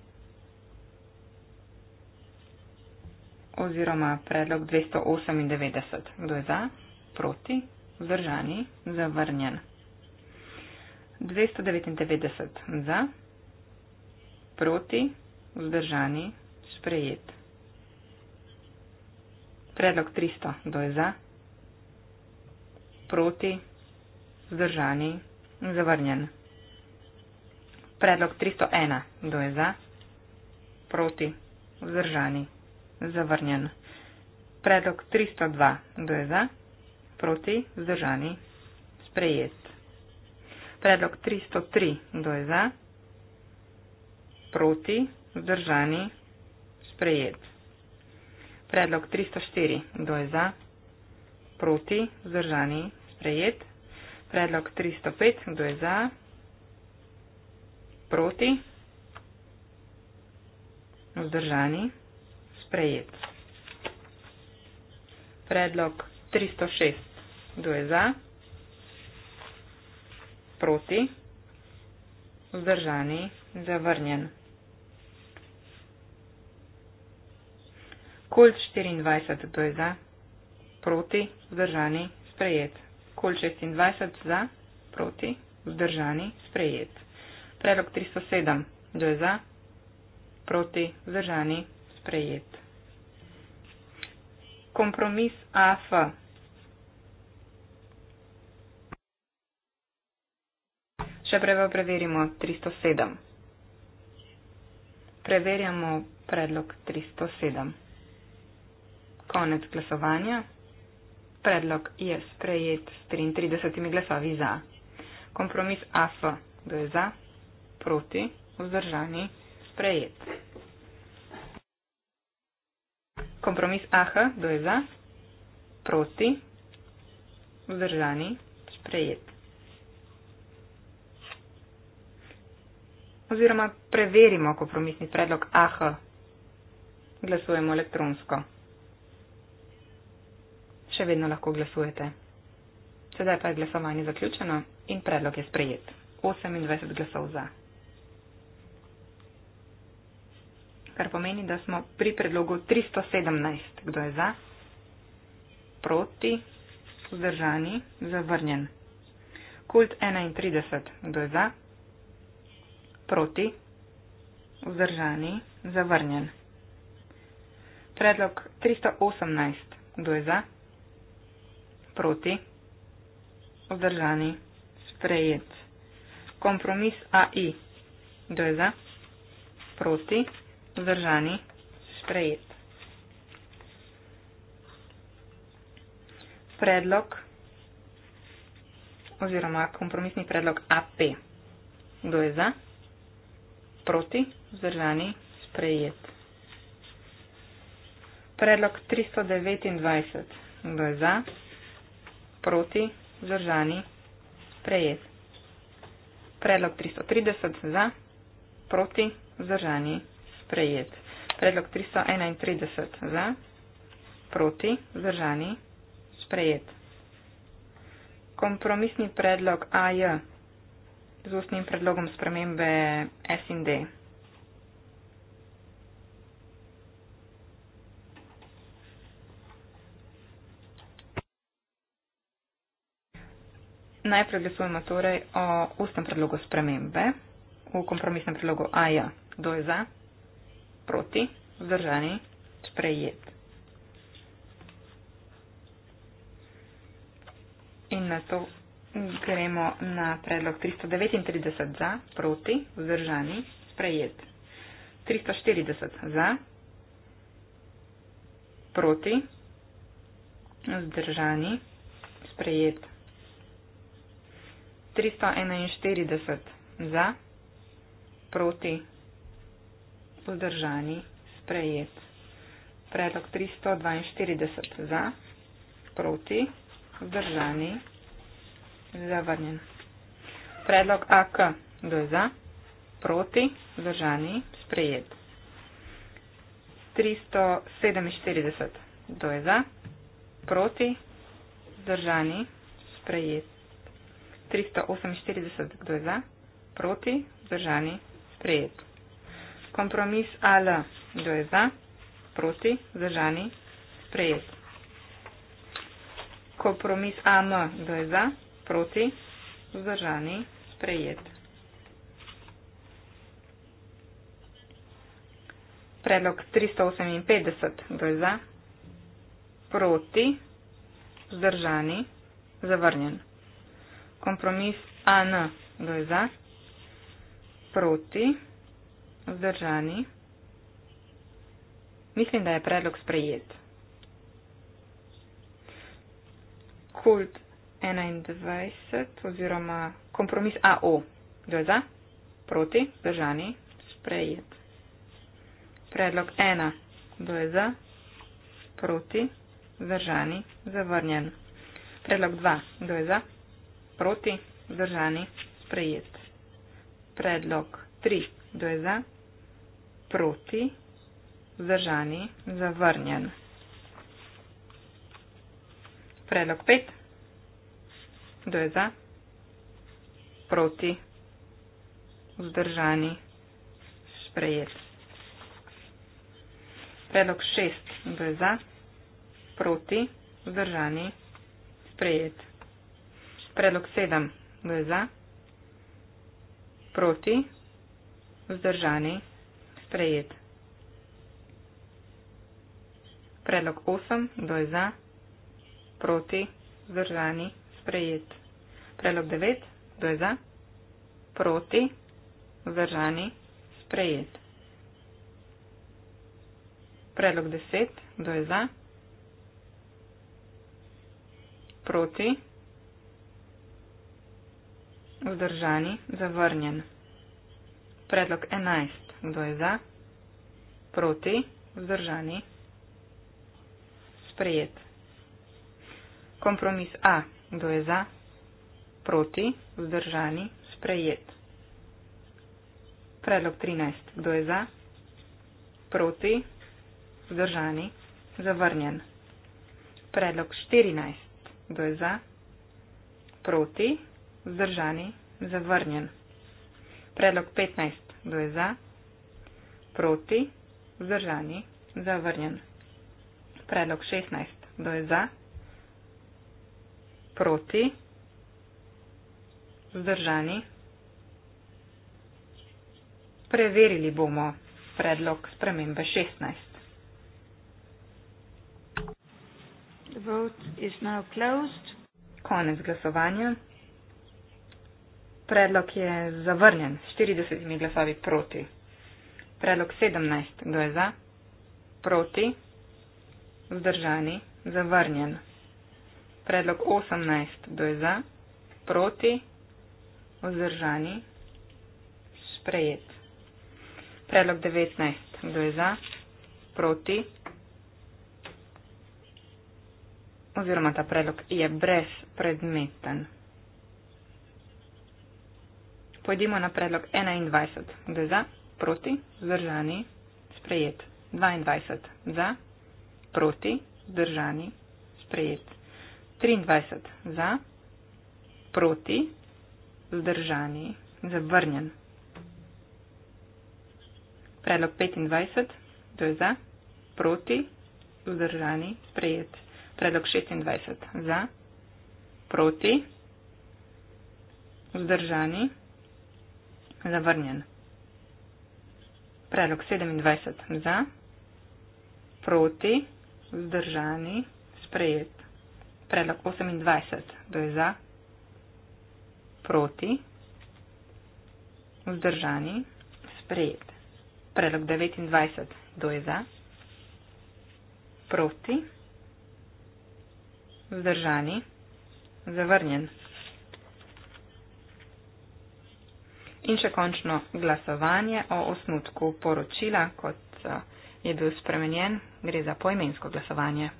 oziroma predlog 298, kdo je za, proti, vzdržani, zavrnjen. 299 za, proti, vzdržani, sprejet. Predlog 300, kdo je za? Proti, vzdržani, zavrnjen. Predlog 301, kdo je za? Proti, vzdržani, zavrnjen. Predlog 302, kdo je za? Proti, vzdržani, sprejet. Predlog 303, kdo je za? proti, vzdržani, sprejet. Predlog 304, kdo je za, proti, vzdržani, sprejet. Predlog 305, kdo je za, proti, vzdržani, sprejet. Predlog 306, kdo je za, proti, vzdržani, zavrnjen. Kult 24 to je za, proti, vzdržani, sprejet. Kult 26 za, proti, vzdržani, sprejet. Predlog 307 to je za, proti, vzdržani, sprejet. Kompromis AF. Še prej preverimo 307. Preverjamo predlog 307. Konec glasovanja. Predlog je sprejet s 33 glasovi za. Kompromis AF, kdo je za, proti, vzdržani, sprejet. Kompromis AH, kdo je za, proti, vzdržani, sprejet. Oziroma preverimo kompromisni predlog AH. Glasujemo elektronsko še vedno lahko glasujete. Sedaj pa je glasovanje zaključeno in predlog je sprejet. 28 glasov za. Kar pomeni, da smo pri predlogu 317. Kdo je za? Proti? Vzdržani? Zavrnjen. Kult 31. Kdo je za? Proti? Vzdržani? Zavrnjen. Predlog 318. Kdo je za? Proti? proti, vzdržani, sprejet. Kompromis AI, kdo je za, proti, vzdržani, sprejet. Predlog oziroma kompromisni predlog AP, kdo je za, proti, vzdržani, sprejet. Predlog 329, kdo je za, proti, zdržani, sprejet. Predlog 330 za, proti, zdržani, sprejet. Predlog 331 za, proti, zdržani, sprejet. Kompromisni predlog AJ z ustnim predlogom spremembe S in D. Najprej glasujemo torej o ustnem predlogu spremembe v kompromisnem predlogu AJA. Kdo je za? Proti? Vzdržani? Sprejet. In na to gremo na predlog 339 za, proti, vzdržani, sprejet. 340 za, proti, vzdržani, sprejet. 341 za, proti, vzdržani, sprejet. Predlog 342 za, proti, vzdržani, zavrnjen. Predlog AK, kdo je za, proti, vzdržani, sprejet. 347, kdo je za, proti, vzdržani, sprejet. 348 kdo je za, proti, vzdržani, sprejet. Kompromis AL, kdo je za, proti, vzdržani, sprejet. Kompromis AM, kdo je za, proti, vzdržani, sprejet. Predlog 358, kdo je za, proti, vzdržani, zavrnjen kompromis AN, kdo je za, proti, vzdržani. Mislim, da je predlog sprejet. Kult 21 oziroma kompromis AO, kdo je za, proti, vzdržani, sprejet. Predlog 1, kdo je za, proti, vzdržani, zavrnjen. Predlog 2, kdo je za, proti, vzdržani, sprejet. Predlog 3, kdo je za, proti, vzdržani, zavrnjen. Predlog 5, kdo je za, proti, vzdržani, sprejet. Predlog 6, kdo je za, proti, vzdržani, sprejet. Predlog sedem. Kdo je za? Proti? Vzdržani? Sprejet. Predlog osem. Kdo je za? Proti? Vzdržani? Sprejet. Predlog devet. Kdo je za? Proti? Vzdržani? Sprejet. Predlog deset. Kdo je za? Proti? Vzdržani, zavrnjen. Predlog 11. Kdo je za? Proti, vzdržani. Sprejet. Kompromis A. Kdo je za? Proti, vzdržani, sprejet. Predlog 13. Kdo je za? Proti, vzdržani, zavrnjen. Predlog 14. Kdo je za? Proti, vzdržani, zavrnjen. Predlog 15, kdo je za, proti, vzdržani, zavrnjen. Predlog 16, kdo je za, proti, vzdržani. Preverili bomo predlog spremembe 16. The vote is now closed. Konec glasovanja predlog je zavrnjen s 40 glasovi proti. Predlog 17, kdo je za? Proti, vzdržani, zavrnjen. Predlog 18, kdo je za? Proti, vzdržani, sprejet. Predlog 19, kdo je za? Proti, oziroma ta predlog je brezpredmeten. Pojdimo na predlog 21. Kdo je za? Proti? Zdržani? Sprejet. 22. Za? Proti? Zdržani? Sprejet. 23. Za? Proti? Zdržani? Zavrnjen. Predlog 25. Kdo je za? Proti? Vzdržani, sprejet. Predlog 26. Za, proti, vzdržani, sprejet zavrnjen. Predlog 27 za, proti, vzdržani, sprejet. Predlog 28, to je za, proti, vzdržani, sprejet. Predlog 29, to je za, proti, vzdržani, zavrnjen. In še končno glasovanje o osnutku poročila, kot eh, je bil spremenjen, gre za poimensko glasovanje.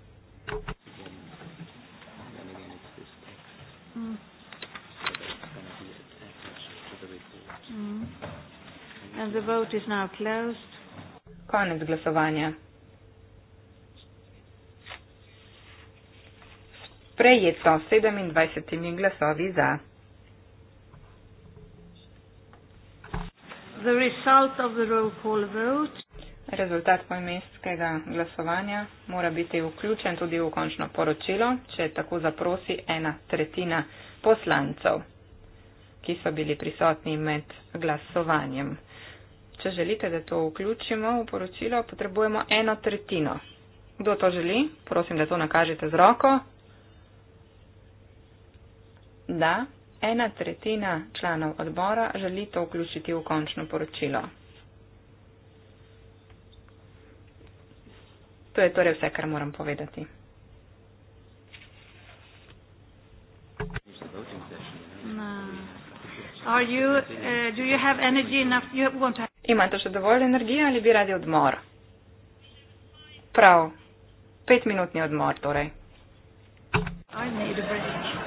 Mm. And the vote is now closed. Konec glasovanja. Sprejeto 27 glasovi za. Rezultat poimenskega glasovanja mora biti vključen tudi v končno poročilo, če tako zaprosi ena tretjina poslancev, ki so bili prisotni med glasovanjem. Če želite, da to vključimo v poročilo, potrebujemo eno tretjino. Kdo to želi? Prosim, da to nakažete z roko. Da. Ena tretjina članov odbora želi to vključiti v končno poročilo. To je torej vse, kar moram povedati. Uh, Imate še dovolj energije ali bi radi odmor? Prav, petminutni odmor torej. I made a bridge.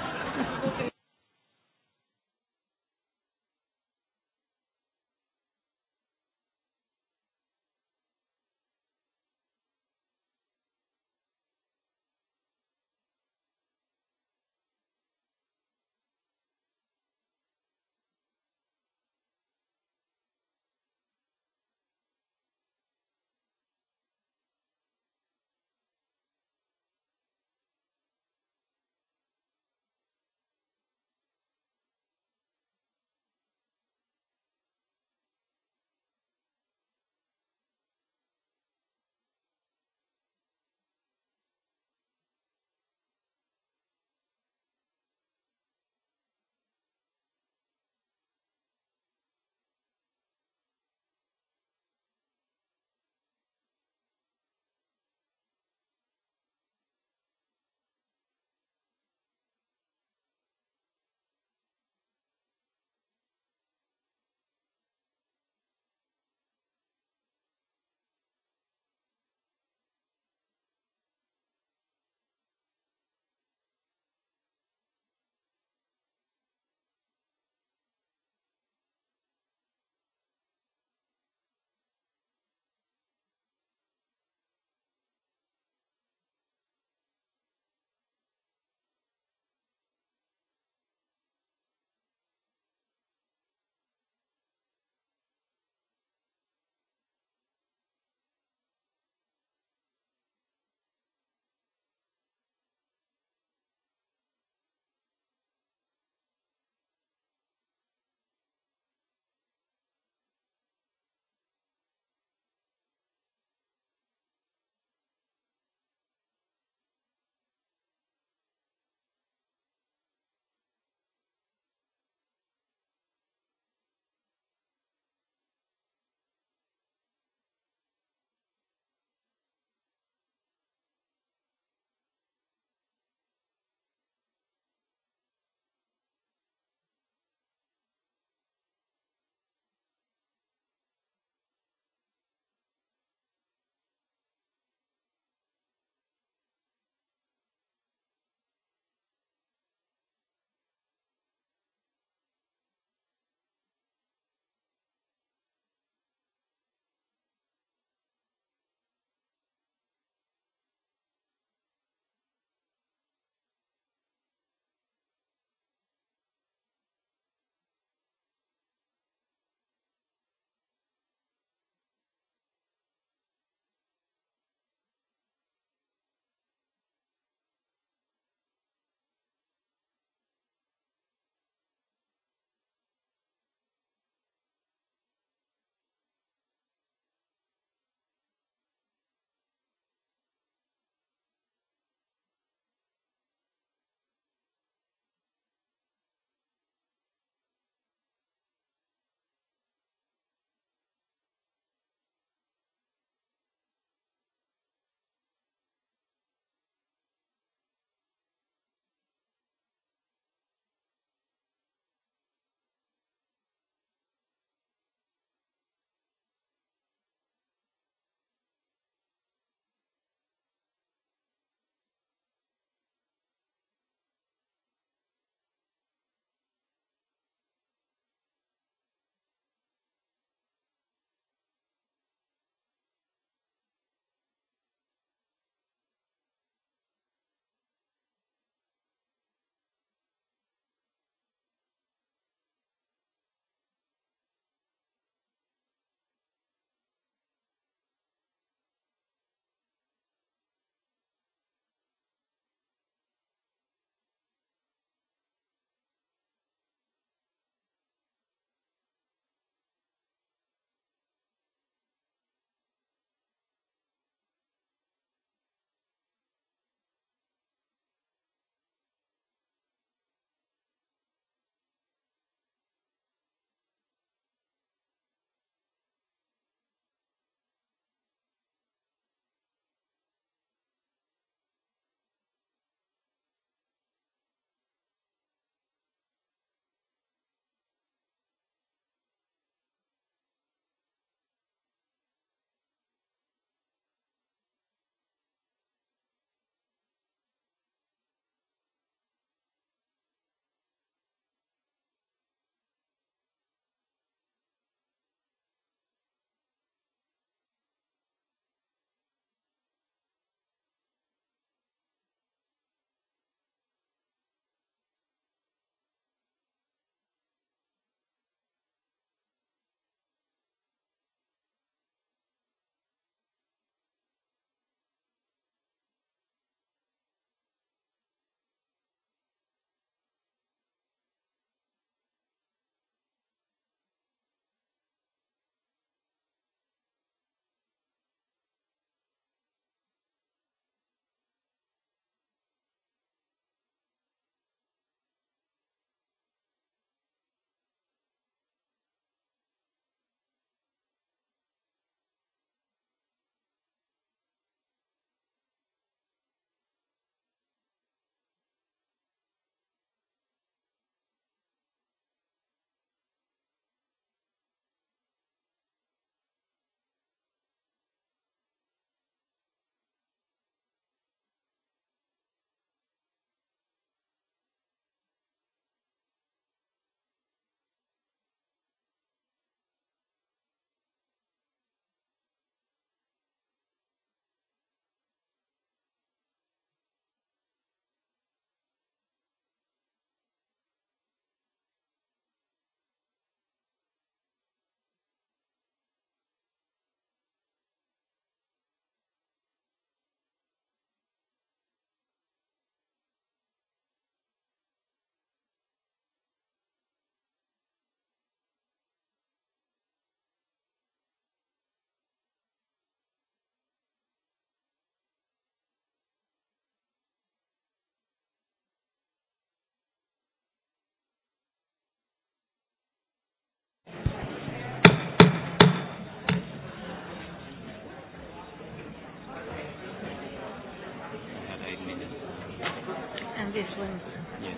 this one.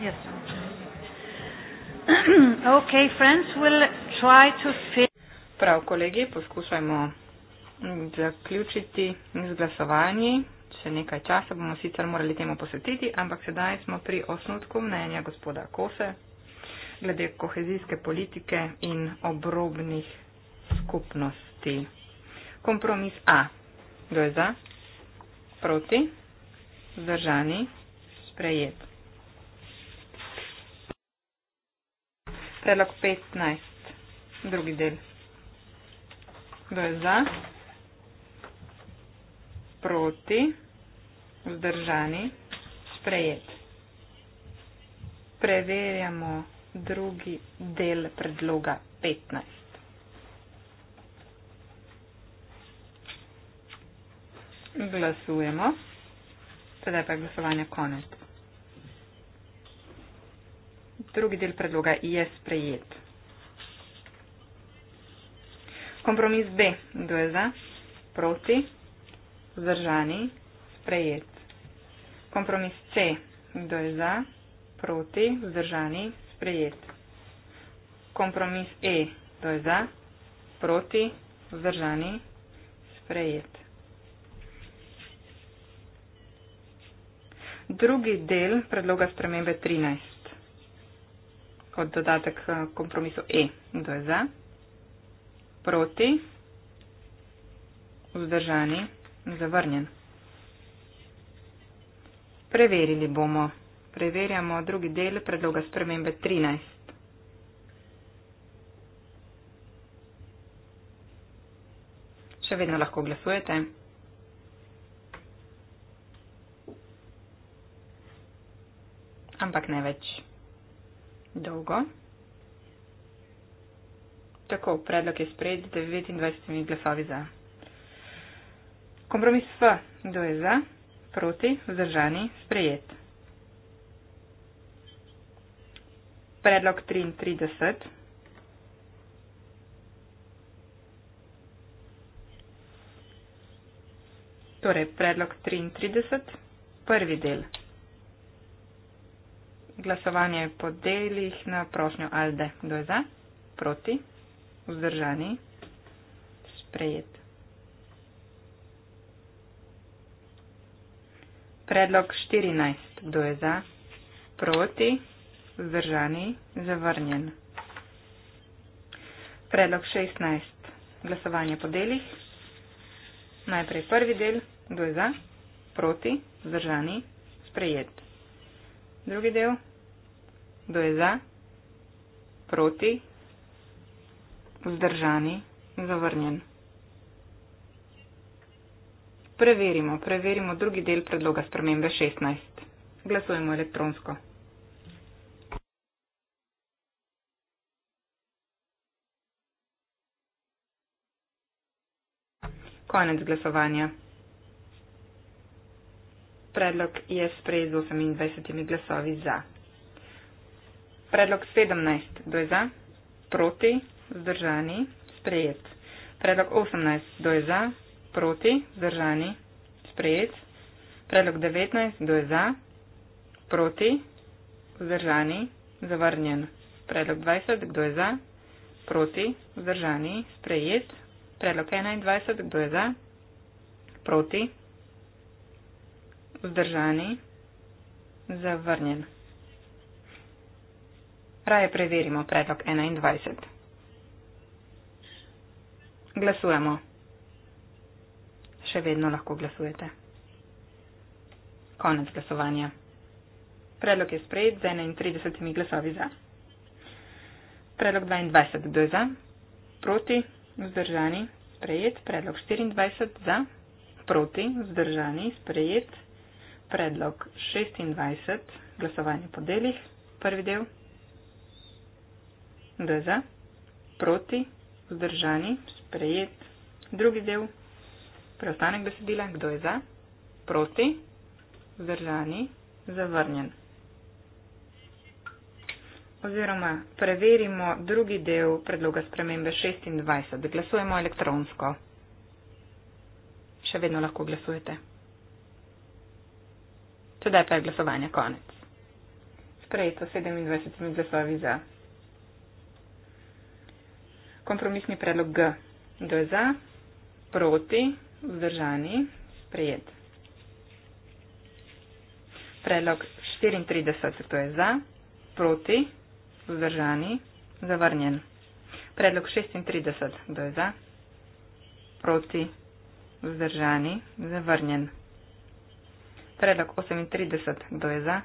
Yes. okay, friends, we'll try to Prav, kolegi, poskušajmo mm, zaključiti z glasovanji. Še nekaj časa bomo sicer morali temu posvetiti, ampak sedaj smo pri osnutku mnenja gospoda Kose glede kohezijske politike in obrobnih skupnosti. Kompromis A. Kdo je za? Proti? Zdržani? Sprejet. Predlog 15. Drugi del. Kdo je za? Proti? Vzdržani? Sprejet. Preverjamo drugi del predloga 15. Glasujemo, sedaj pa je glasovanje konec drugi del predloga je sprejet. Kompromis B. Kdo je za? Proti? Zdržani? Sprejet. Kompromis C. Kdo je za? Proti? Zdržani? Sprejet. Kompromis E. Kdo je za? Proti? Zdržani? Sprejet. Drugi del predloga spremembe 13 kot dodatek kompromisu E. Kdo je za? Proti? Vzdržani? Zavrnjen. Preverili bomo. Preverjamo drugi del predloga spremembe 13. Še vedno lahko glasujete. Ampak ne več dolgo. Tako, predlog je sprejet z 29 glasovi za. Kompromis F, kdo je za, proti, vzdržani, sprejet. Predlog 33. Torej, predlog 33, prvi del glasovanje po delih na prošnjo Alde. Kdo je za? Proti? Vzdržani? Sprejet. Predlog 14. Kdo je za? Proti? Vzdržani? Zavrnjen. Predlog 16. Glasovanje po delih. Najprej prvi del. Kdo je za? Proti? Vzdržani? Sprejet drugi del, kdo je za, proti, vzdržani, zavrnjen. Preverimo, preverimo drugi del predloga spremembe 16. Glasujemo elektronsko. Konec glasovanja predlog je sprejet z 28 glasovi za. Predlog 17, kdo je za? Proti, zdržani, sprejet. Predlog 18, kdo je za? Proti, zdržani, sprejet. Predlog 19, kdo je za? Proti, zdržani, zavrnjen. Predlog 20, kdo je za? Proti, zdržani, sprejet. Predlog 21, kdo je za? Proti, vzdržani, zavrnjen. Raje preverimo predlog 21. Glasujemo. Še vedno lahko glasujete. Konec glasovanja. Predlog je sprejet z 31 glasovi za. Predlog 22 do za, proti, vzdržani, sprejet. Predlog 24 za, proti, vzdržani, sprejet predlog 26, glasovanje po delih, prvi del, DZ, proti, vzdržani, sprejet, drugi del, preostanek besedila, kdo je za, proti, vzdržani, zavrnjen. Oziroma preverimo drugi del predloga spremembe 26. Glasujemo elektronsko. Še vedno lahko glasujete. Tudi pa je glasovanje konec. Sprejeto 27 glasovi za. Kompromisni predlog G. Kdo je za? Proti? Vzdržani? Sprejet. Predlog 34. Kdo je za? Proti? Vzdržani? Zavrnjen. Predlog 36. Kdo je za? Proti? Vzdržani? Zavrnjen. Predlog 38, kdo je za,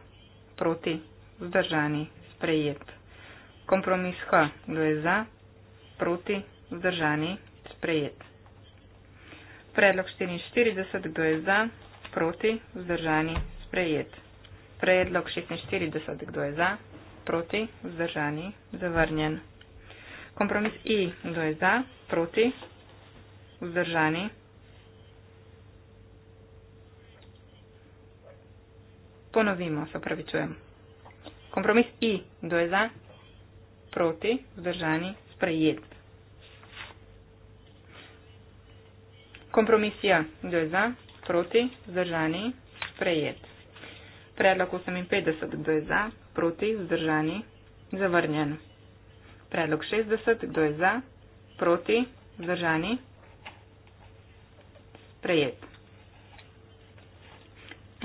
proti, vzdržani, sprejet. Kompromis H, kdo je za, proti, vzdržani, sprejet. Predlog 44, kdo je za, proti, vzdržani, sprejet. Predlog 46, kdo je za, proti, vzdržani, zavrnjen. Kompromis I, kdo je za, proti, vzdržani, sprejet. Ponovimo, se pravičujem. Kompromis I, kdo je za? Proti, vzdržani, sprejet. Kompromis J, kdo je za? Proti, vzdržani, sprejet. Predlog 58, kdo je za? Proti, vzdržani, zavrnjen. Predlog 60, kdo je za? Proti, vzdržani, sprejet.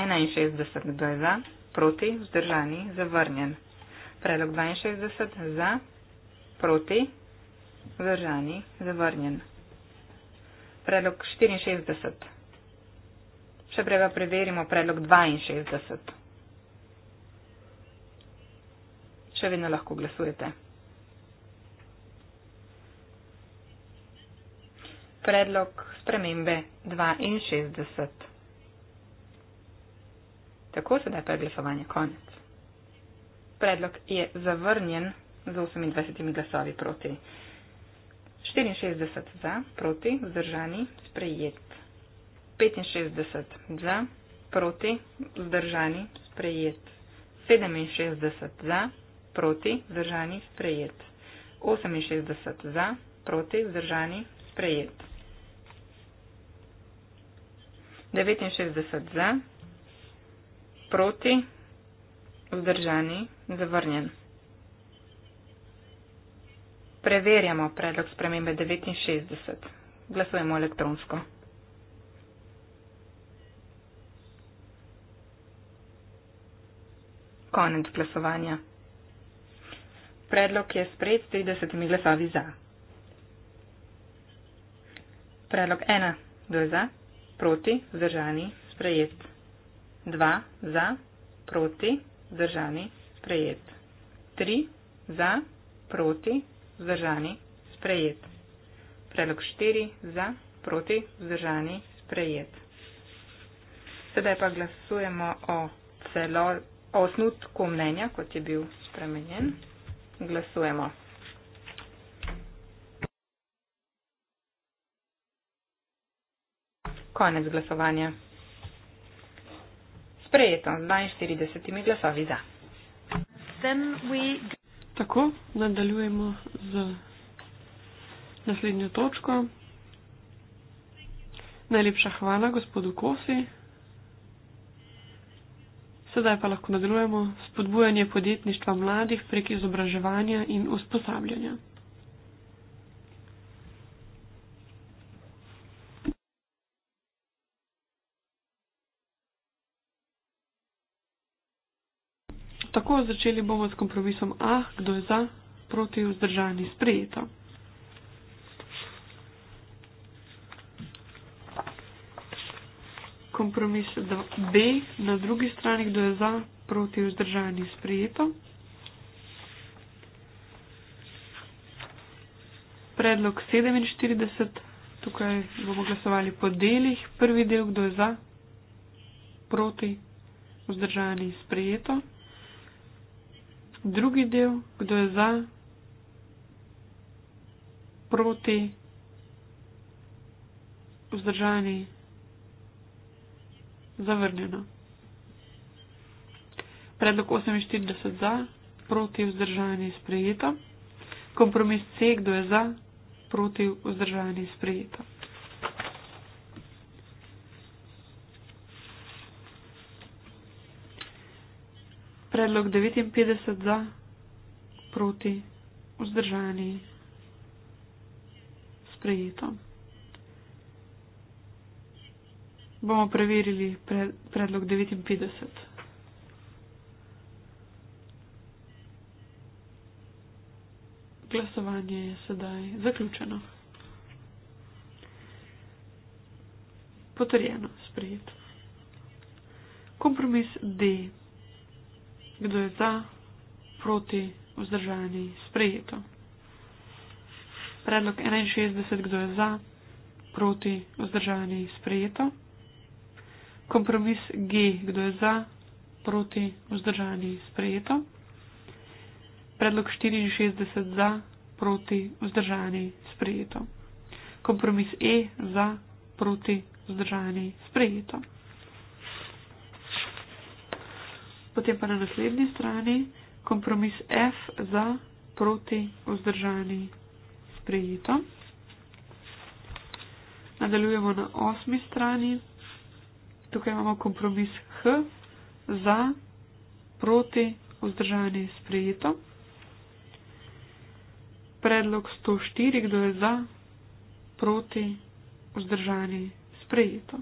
61 kdo je za, proti, vzdržani, zavrnjen. Predlog 62 za, proti, vzdržani, zavrnjen. Predlog 64. Še prej pa preverimo predlog 62. Še vedno lahko glasujete. Predlog spremembe 62. Tako sedaj pa je glasovanje konec. Predlog je zavrnjen z 28 glasovi proti. 64 za, proti, vzdržani, sprejet. 65 za, proti, vzdržani, sprejet. 67 za, proti, vzdržani, sprejet. 68 za, proti, vzdržani, sprejet. 69 za, Proti? Vzdržani? Zavrnjen. Preverjamo predlog spremembe 69. Glasujemo elektronsko. Konec glasovanja. Predlog je sprejet s 30 glasovi za. Predlog 1. Kdo je za? Proti? Vzdržani? Sprejet. 2 za, proti, zdržani, sprejet. 3 za, proti, zdržani, sprejet. Predlog 4 za, proti, zdržani, sprejet. Sedaj pa glasujemo o, celo, o osnutku mnenja, kot je bil spremenjen. Glasujemo. Konec glasovanja sprejeto 42 glasovi za. Tako, nadaljujemo z naslednjo točko. Najlepša hvala gospodu Kosi. Sedaj pa lahko nadaljujemo spodbujanje podjetništva mladih prek izobraževanja in usposabljanja. Tako začeli bomo s kompromisom A, kdo je za, proti vzdržani sprejeto. Kompromis B, na drugi strani, kdo je za, proti vzdržani sprejeto. Predlog 47, tukaj bomo glasovali po delih. Prvi del, kdo je za, proti, vzdržani, sprejeto drugi del, kdo je za, proti, vzdržani, zavrnjeno. Predlog 48 za, proti, vzdržani, sprejeto. Kompromis C, kdo je za, proti, vzdržani, sprejeto. Predlog 59 za, proti, vzdržani, sprejeto. Bomo preverili pred, predlog 59. Glasovanje je sedaj zaključeno. Potrjeno, sprejeto. Kompromis D. Kdo je za, proti, vzdržani, sprejeto. Predlog 61, kdo je za, proti, vzdržani, sprejeto. Kompromis G, kdo je za, proti, vzdržani, sprejeto. Predlog 64 za, proti, vzdržani, sprejeto. Kompromis E za, proti, vzdržani, sprejeto. Potem pa na naslednji strani kompromis F za, proti, vzdržani, sprejeto. Nadaljujemo na osmi strani. Tukaj imamo kompromis H za, proti, vzdržani, sprejeto. Predlog 104, kdo je za, proti, vzdržani, sprejeto.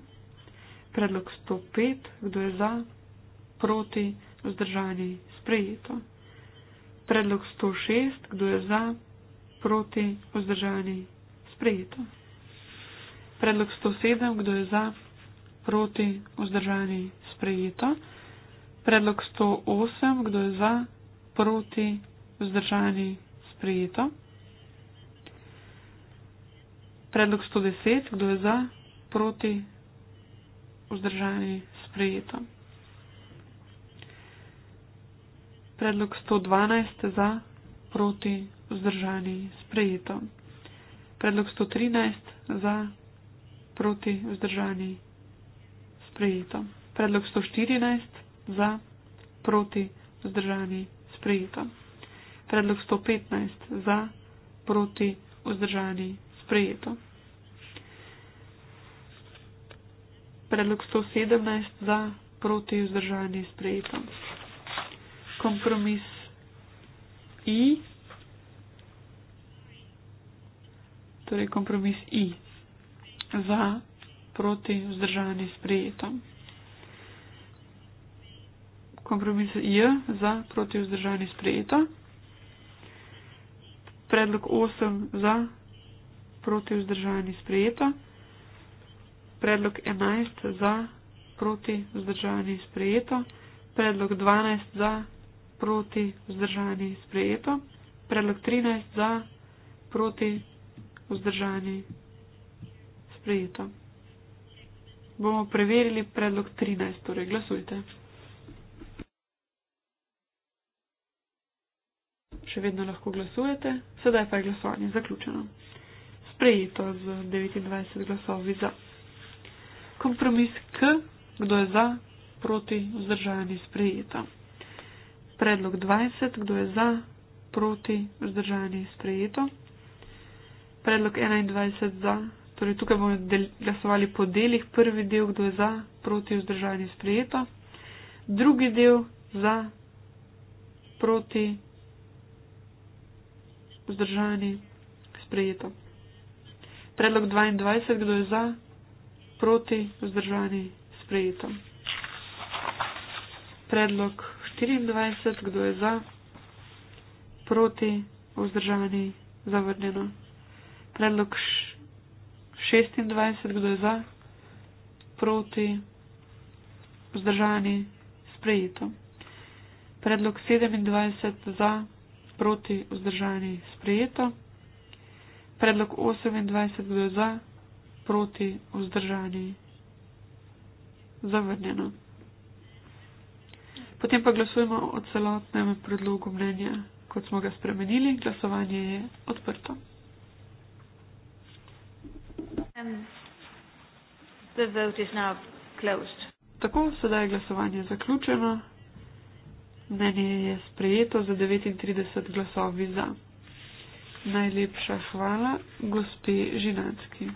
Predlog 105, kdo je za, proti, vzdržani, sprejeto. Predlog 106, kdo je za, proti, vzdržani, sprejeto. Predlog 107, kdo je za, proti, vzdržani, sprejeto. Predlog 108, kdo je za, proti, vzdržani, sprejeto. Predlog 110, kdo je za, proti, vzdržani, sprejeto. predlog 112 za, proti, vzdržani, sprejeto. Predlog 113 za, proti, vzdržani, sprejeto. Predlog 114 za, proti, vzdržani, sprejeto. Predlog 115 za, proti, vzdržani, sprejeto. Predlog 117 za, proti, vzdržani, sprejeto kompromis I. Torej kompromis I za, proti, vzdržanje, sprejeto. Kompromis J za, proti, vzdržanje, sprejeto. Predlog 8 za, proti, vzdržanje, sprejeto. Predlog 11 za, proti, vzdržanje, sprejeto. Predlog 12 za, proti, vzdržani, sprejeto. Predlog 13 za, proti, vzdržani, sprejeto. Bomo preverili predlog 13, torej glasujte. Še vedno lahko glasujete, sedaj pa je glasovanje zaključeno. Sprejeto z 29 glasovi za. Kompromis K, kdo je za, proti, vzdržani, sprejeto predlog 20, kdo je za, proti, vzdržani, sprejeto. Predlog 21 za, torej tukaj bomo del, glasovali po delih, prvi del, kdo je za, proti, vzdržani, sprejeto. Drugi del za, proti, vzdržani, sprejeto. Predlog 22, kdo je za, proti, vzdržani, sprejeto. Predlog 24, kdo je za, proti, vzdržani, zavrnjeno. Predlog 26, kdo je za, proti, vzdržani, sprejeto. Predlog 27 za, proti, vzdržani, sprejeto. Predlog 28, kdo je za, proti, vzdržani, zavrnjeno. Potem pa glasujemo o celotnem predlogu mnenja, kot smo ga spremenili. Glasovanje je odprto. Um, Tako, sedaj je glasovanje zaključeno. Mnenje je sprejeto za 39 glasovi za. Najlepša hvala, gospe Žinanski.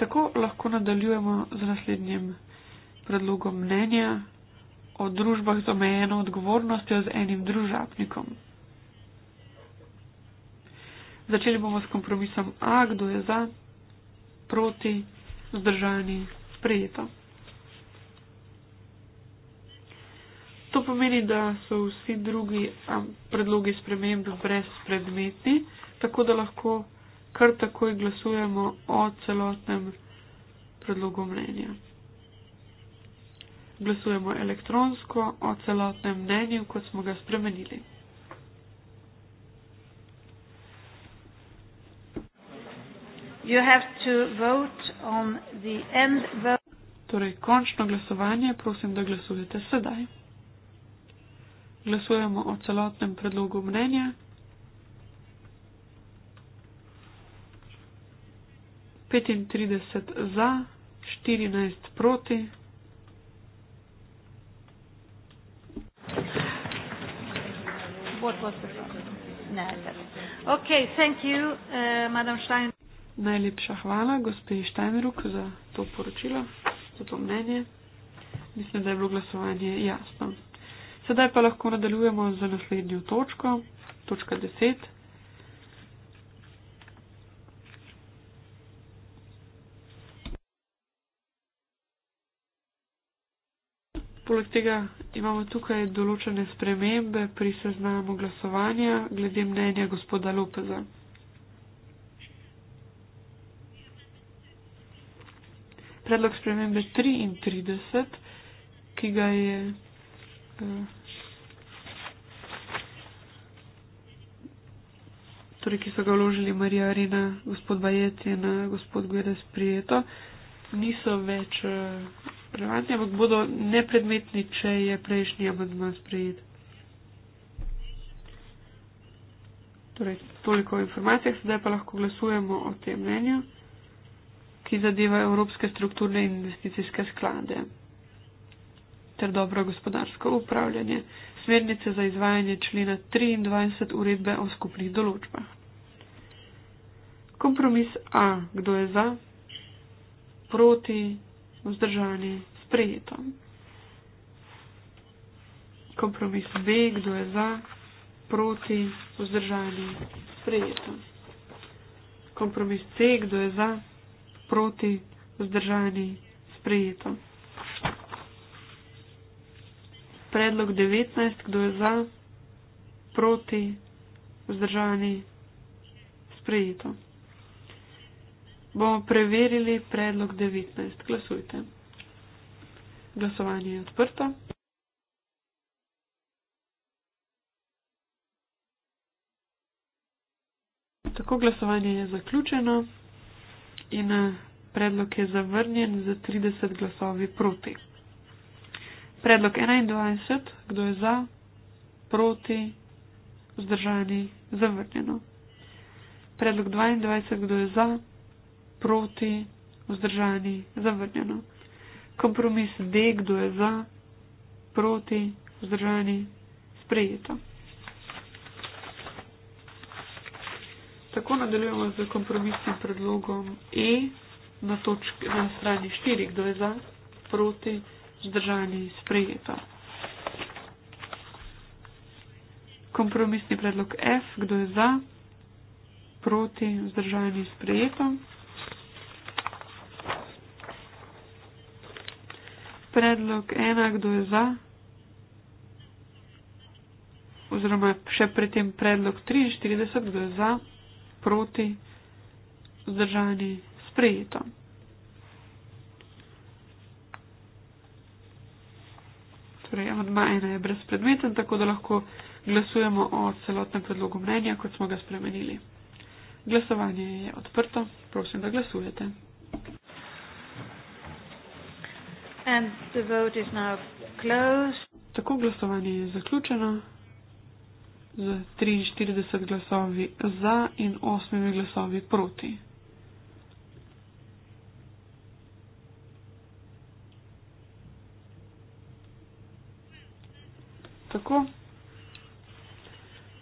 Tako lahko nadaljujemo z naslednjim predlogom mnenja o družbah z omejeno odgovornostjo z enim družabnikom. Začeli bomo s kompromisom A, kdo je za, proti, zdržani, sprejeto. To pomeni, da so vsi drugi predlogi sprememb brezpredmetni, tako da lahko kar takoj glasujemo o celotnem predlogu mnenja. Glasujemo elektronsko o celotnem mnenju, kot smo ga spremenili. Torej, končno glasovanje prosim, da glasujete sedaj. Glasujemo o celotnem predlogu mnenja. 35 za, 14 proti. Okay, you, uh, Najlepša hvala gospe Štajmeruk za to poročilo, za to mnenje. Mislim, da je bilo glasovanje jasno. Sedaj pa lahko nadaljujemo z naslednjo točko, točka 10. poleg tega imamo tukaj določene spremembe pri seznamu glasovanja glede mnenja gospoda Lopeza. Predlog spremembe 33, ki ga je eh, torej, ki so ga vložili Marija Arena, gospod Bajet in eh, gospod Gvedes Prijeto, niso več eh, relevantni, ampak bodo nepredmetni, če je prejšnji amandma sprejet. Torej, toliko o informacijah, sedaj pa lahko glasujemo o tem mnenju, ki zadeva Evropske strukturne in investicijske sklade ter dobro gospodarsko upravljanje, smernice za izvajanje člena 23 uredbe o skupnih določbah. Kompromis A. Kdo je za? Proti? Vzdržani? sprejeto. Kompromis B, kdo je za, proti, vzdržani, sprejeto. Kompromis C, kdo je za, proti, vzdržani, sprejeto. Predlog 19, kdo je za, proti, vzdržani, sprejeto. Bomo preverili predlog 19. Glasujte. Glasovanje je odprto. Tako glasovanje je zaključeno in eh, predlog je zavrnjen za 30 glasovi proti. Predlog 21, kdo je za, proti, vzdržani, zavrnjeno. Predlog 22, kdo je za, proti, vzdržani, zavrnjeno kompromis D, kdo je za, proti, vzdržani, sprejeto. Tako nadaljujemo z kompromisnim predlogom E na, točki, na strani 4, kdo je za, proti, vzdržani, sprejeto. Kompromisni predlog F, kdo je za, proti, vzdržani, sprejeto. predlog ena, kdo je za, oziroma še predtem predlog 43, kdo je za, proti, zdržani, sprejeto. Torej, amadma ena je brezpredmeten, tako da lahko glasujemo o celotnem predlogu mnenja, kot smo ga spremenili. Glasovanje je odprto, prosim, da glasujete. Tako glasovanje je zaključeno z 43 glasovi za in 8 glasovi proti. Tako,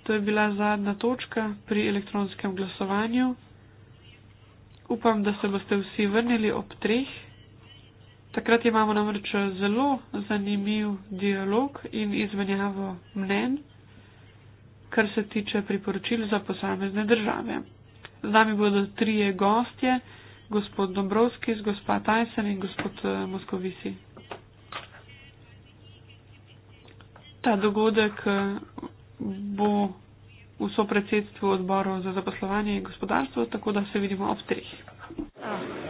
to je bila zadnja točka pri elektronskem glasovanju. Upam, da se boste vsi vrnili ob treh. Takrat imamo namreč zelo zanimiv dialog in izmenjavo mnen, kar se tiče priporočil za posamezne države. Z nami bodo trije gostje, gospod Dombrovski, gospa Tyson in gospod eh, Moskovisi. Ta dogodek eh, bo v sopredsedstvu odborov za zaposlovanje in gospodarstvo, tako da se vidimo ob treh. Ah.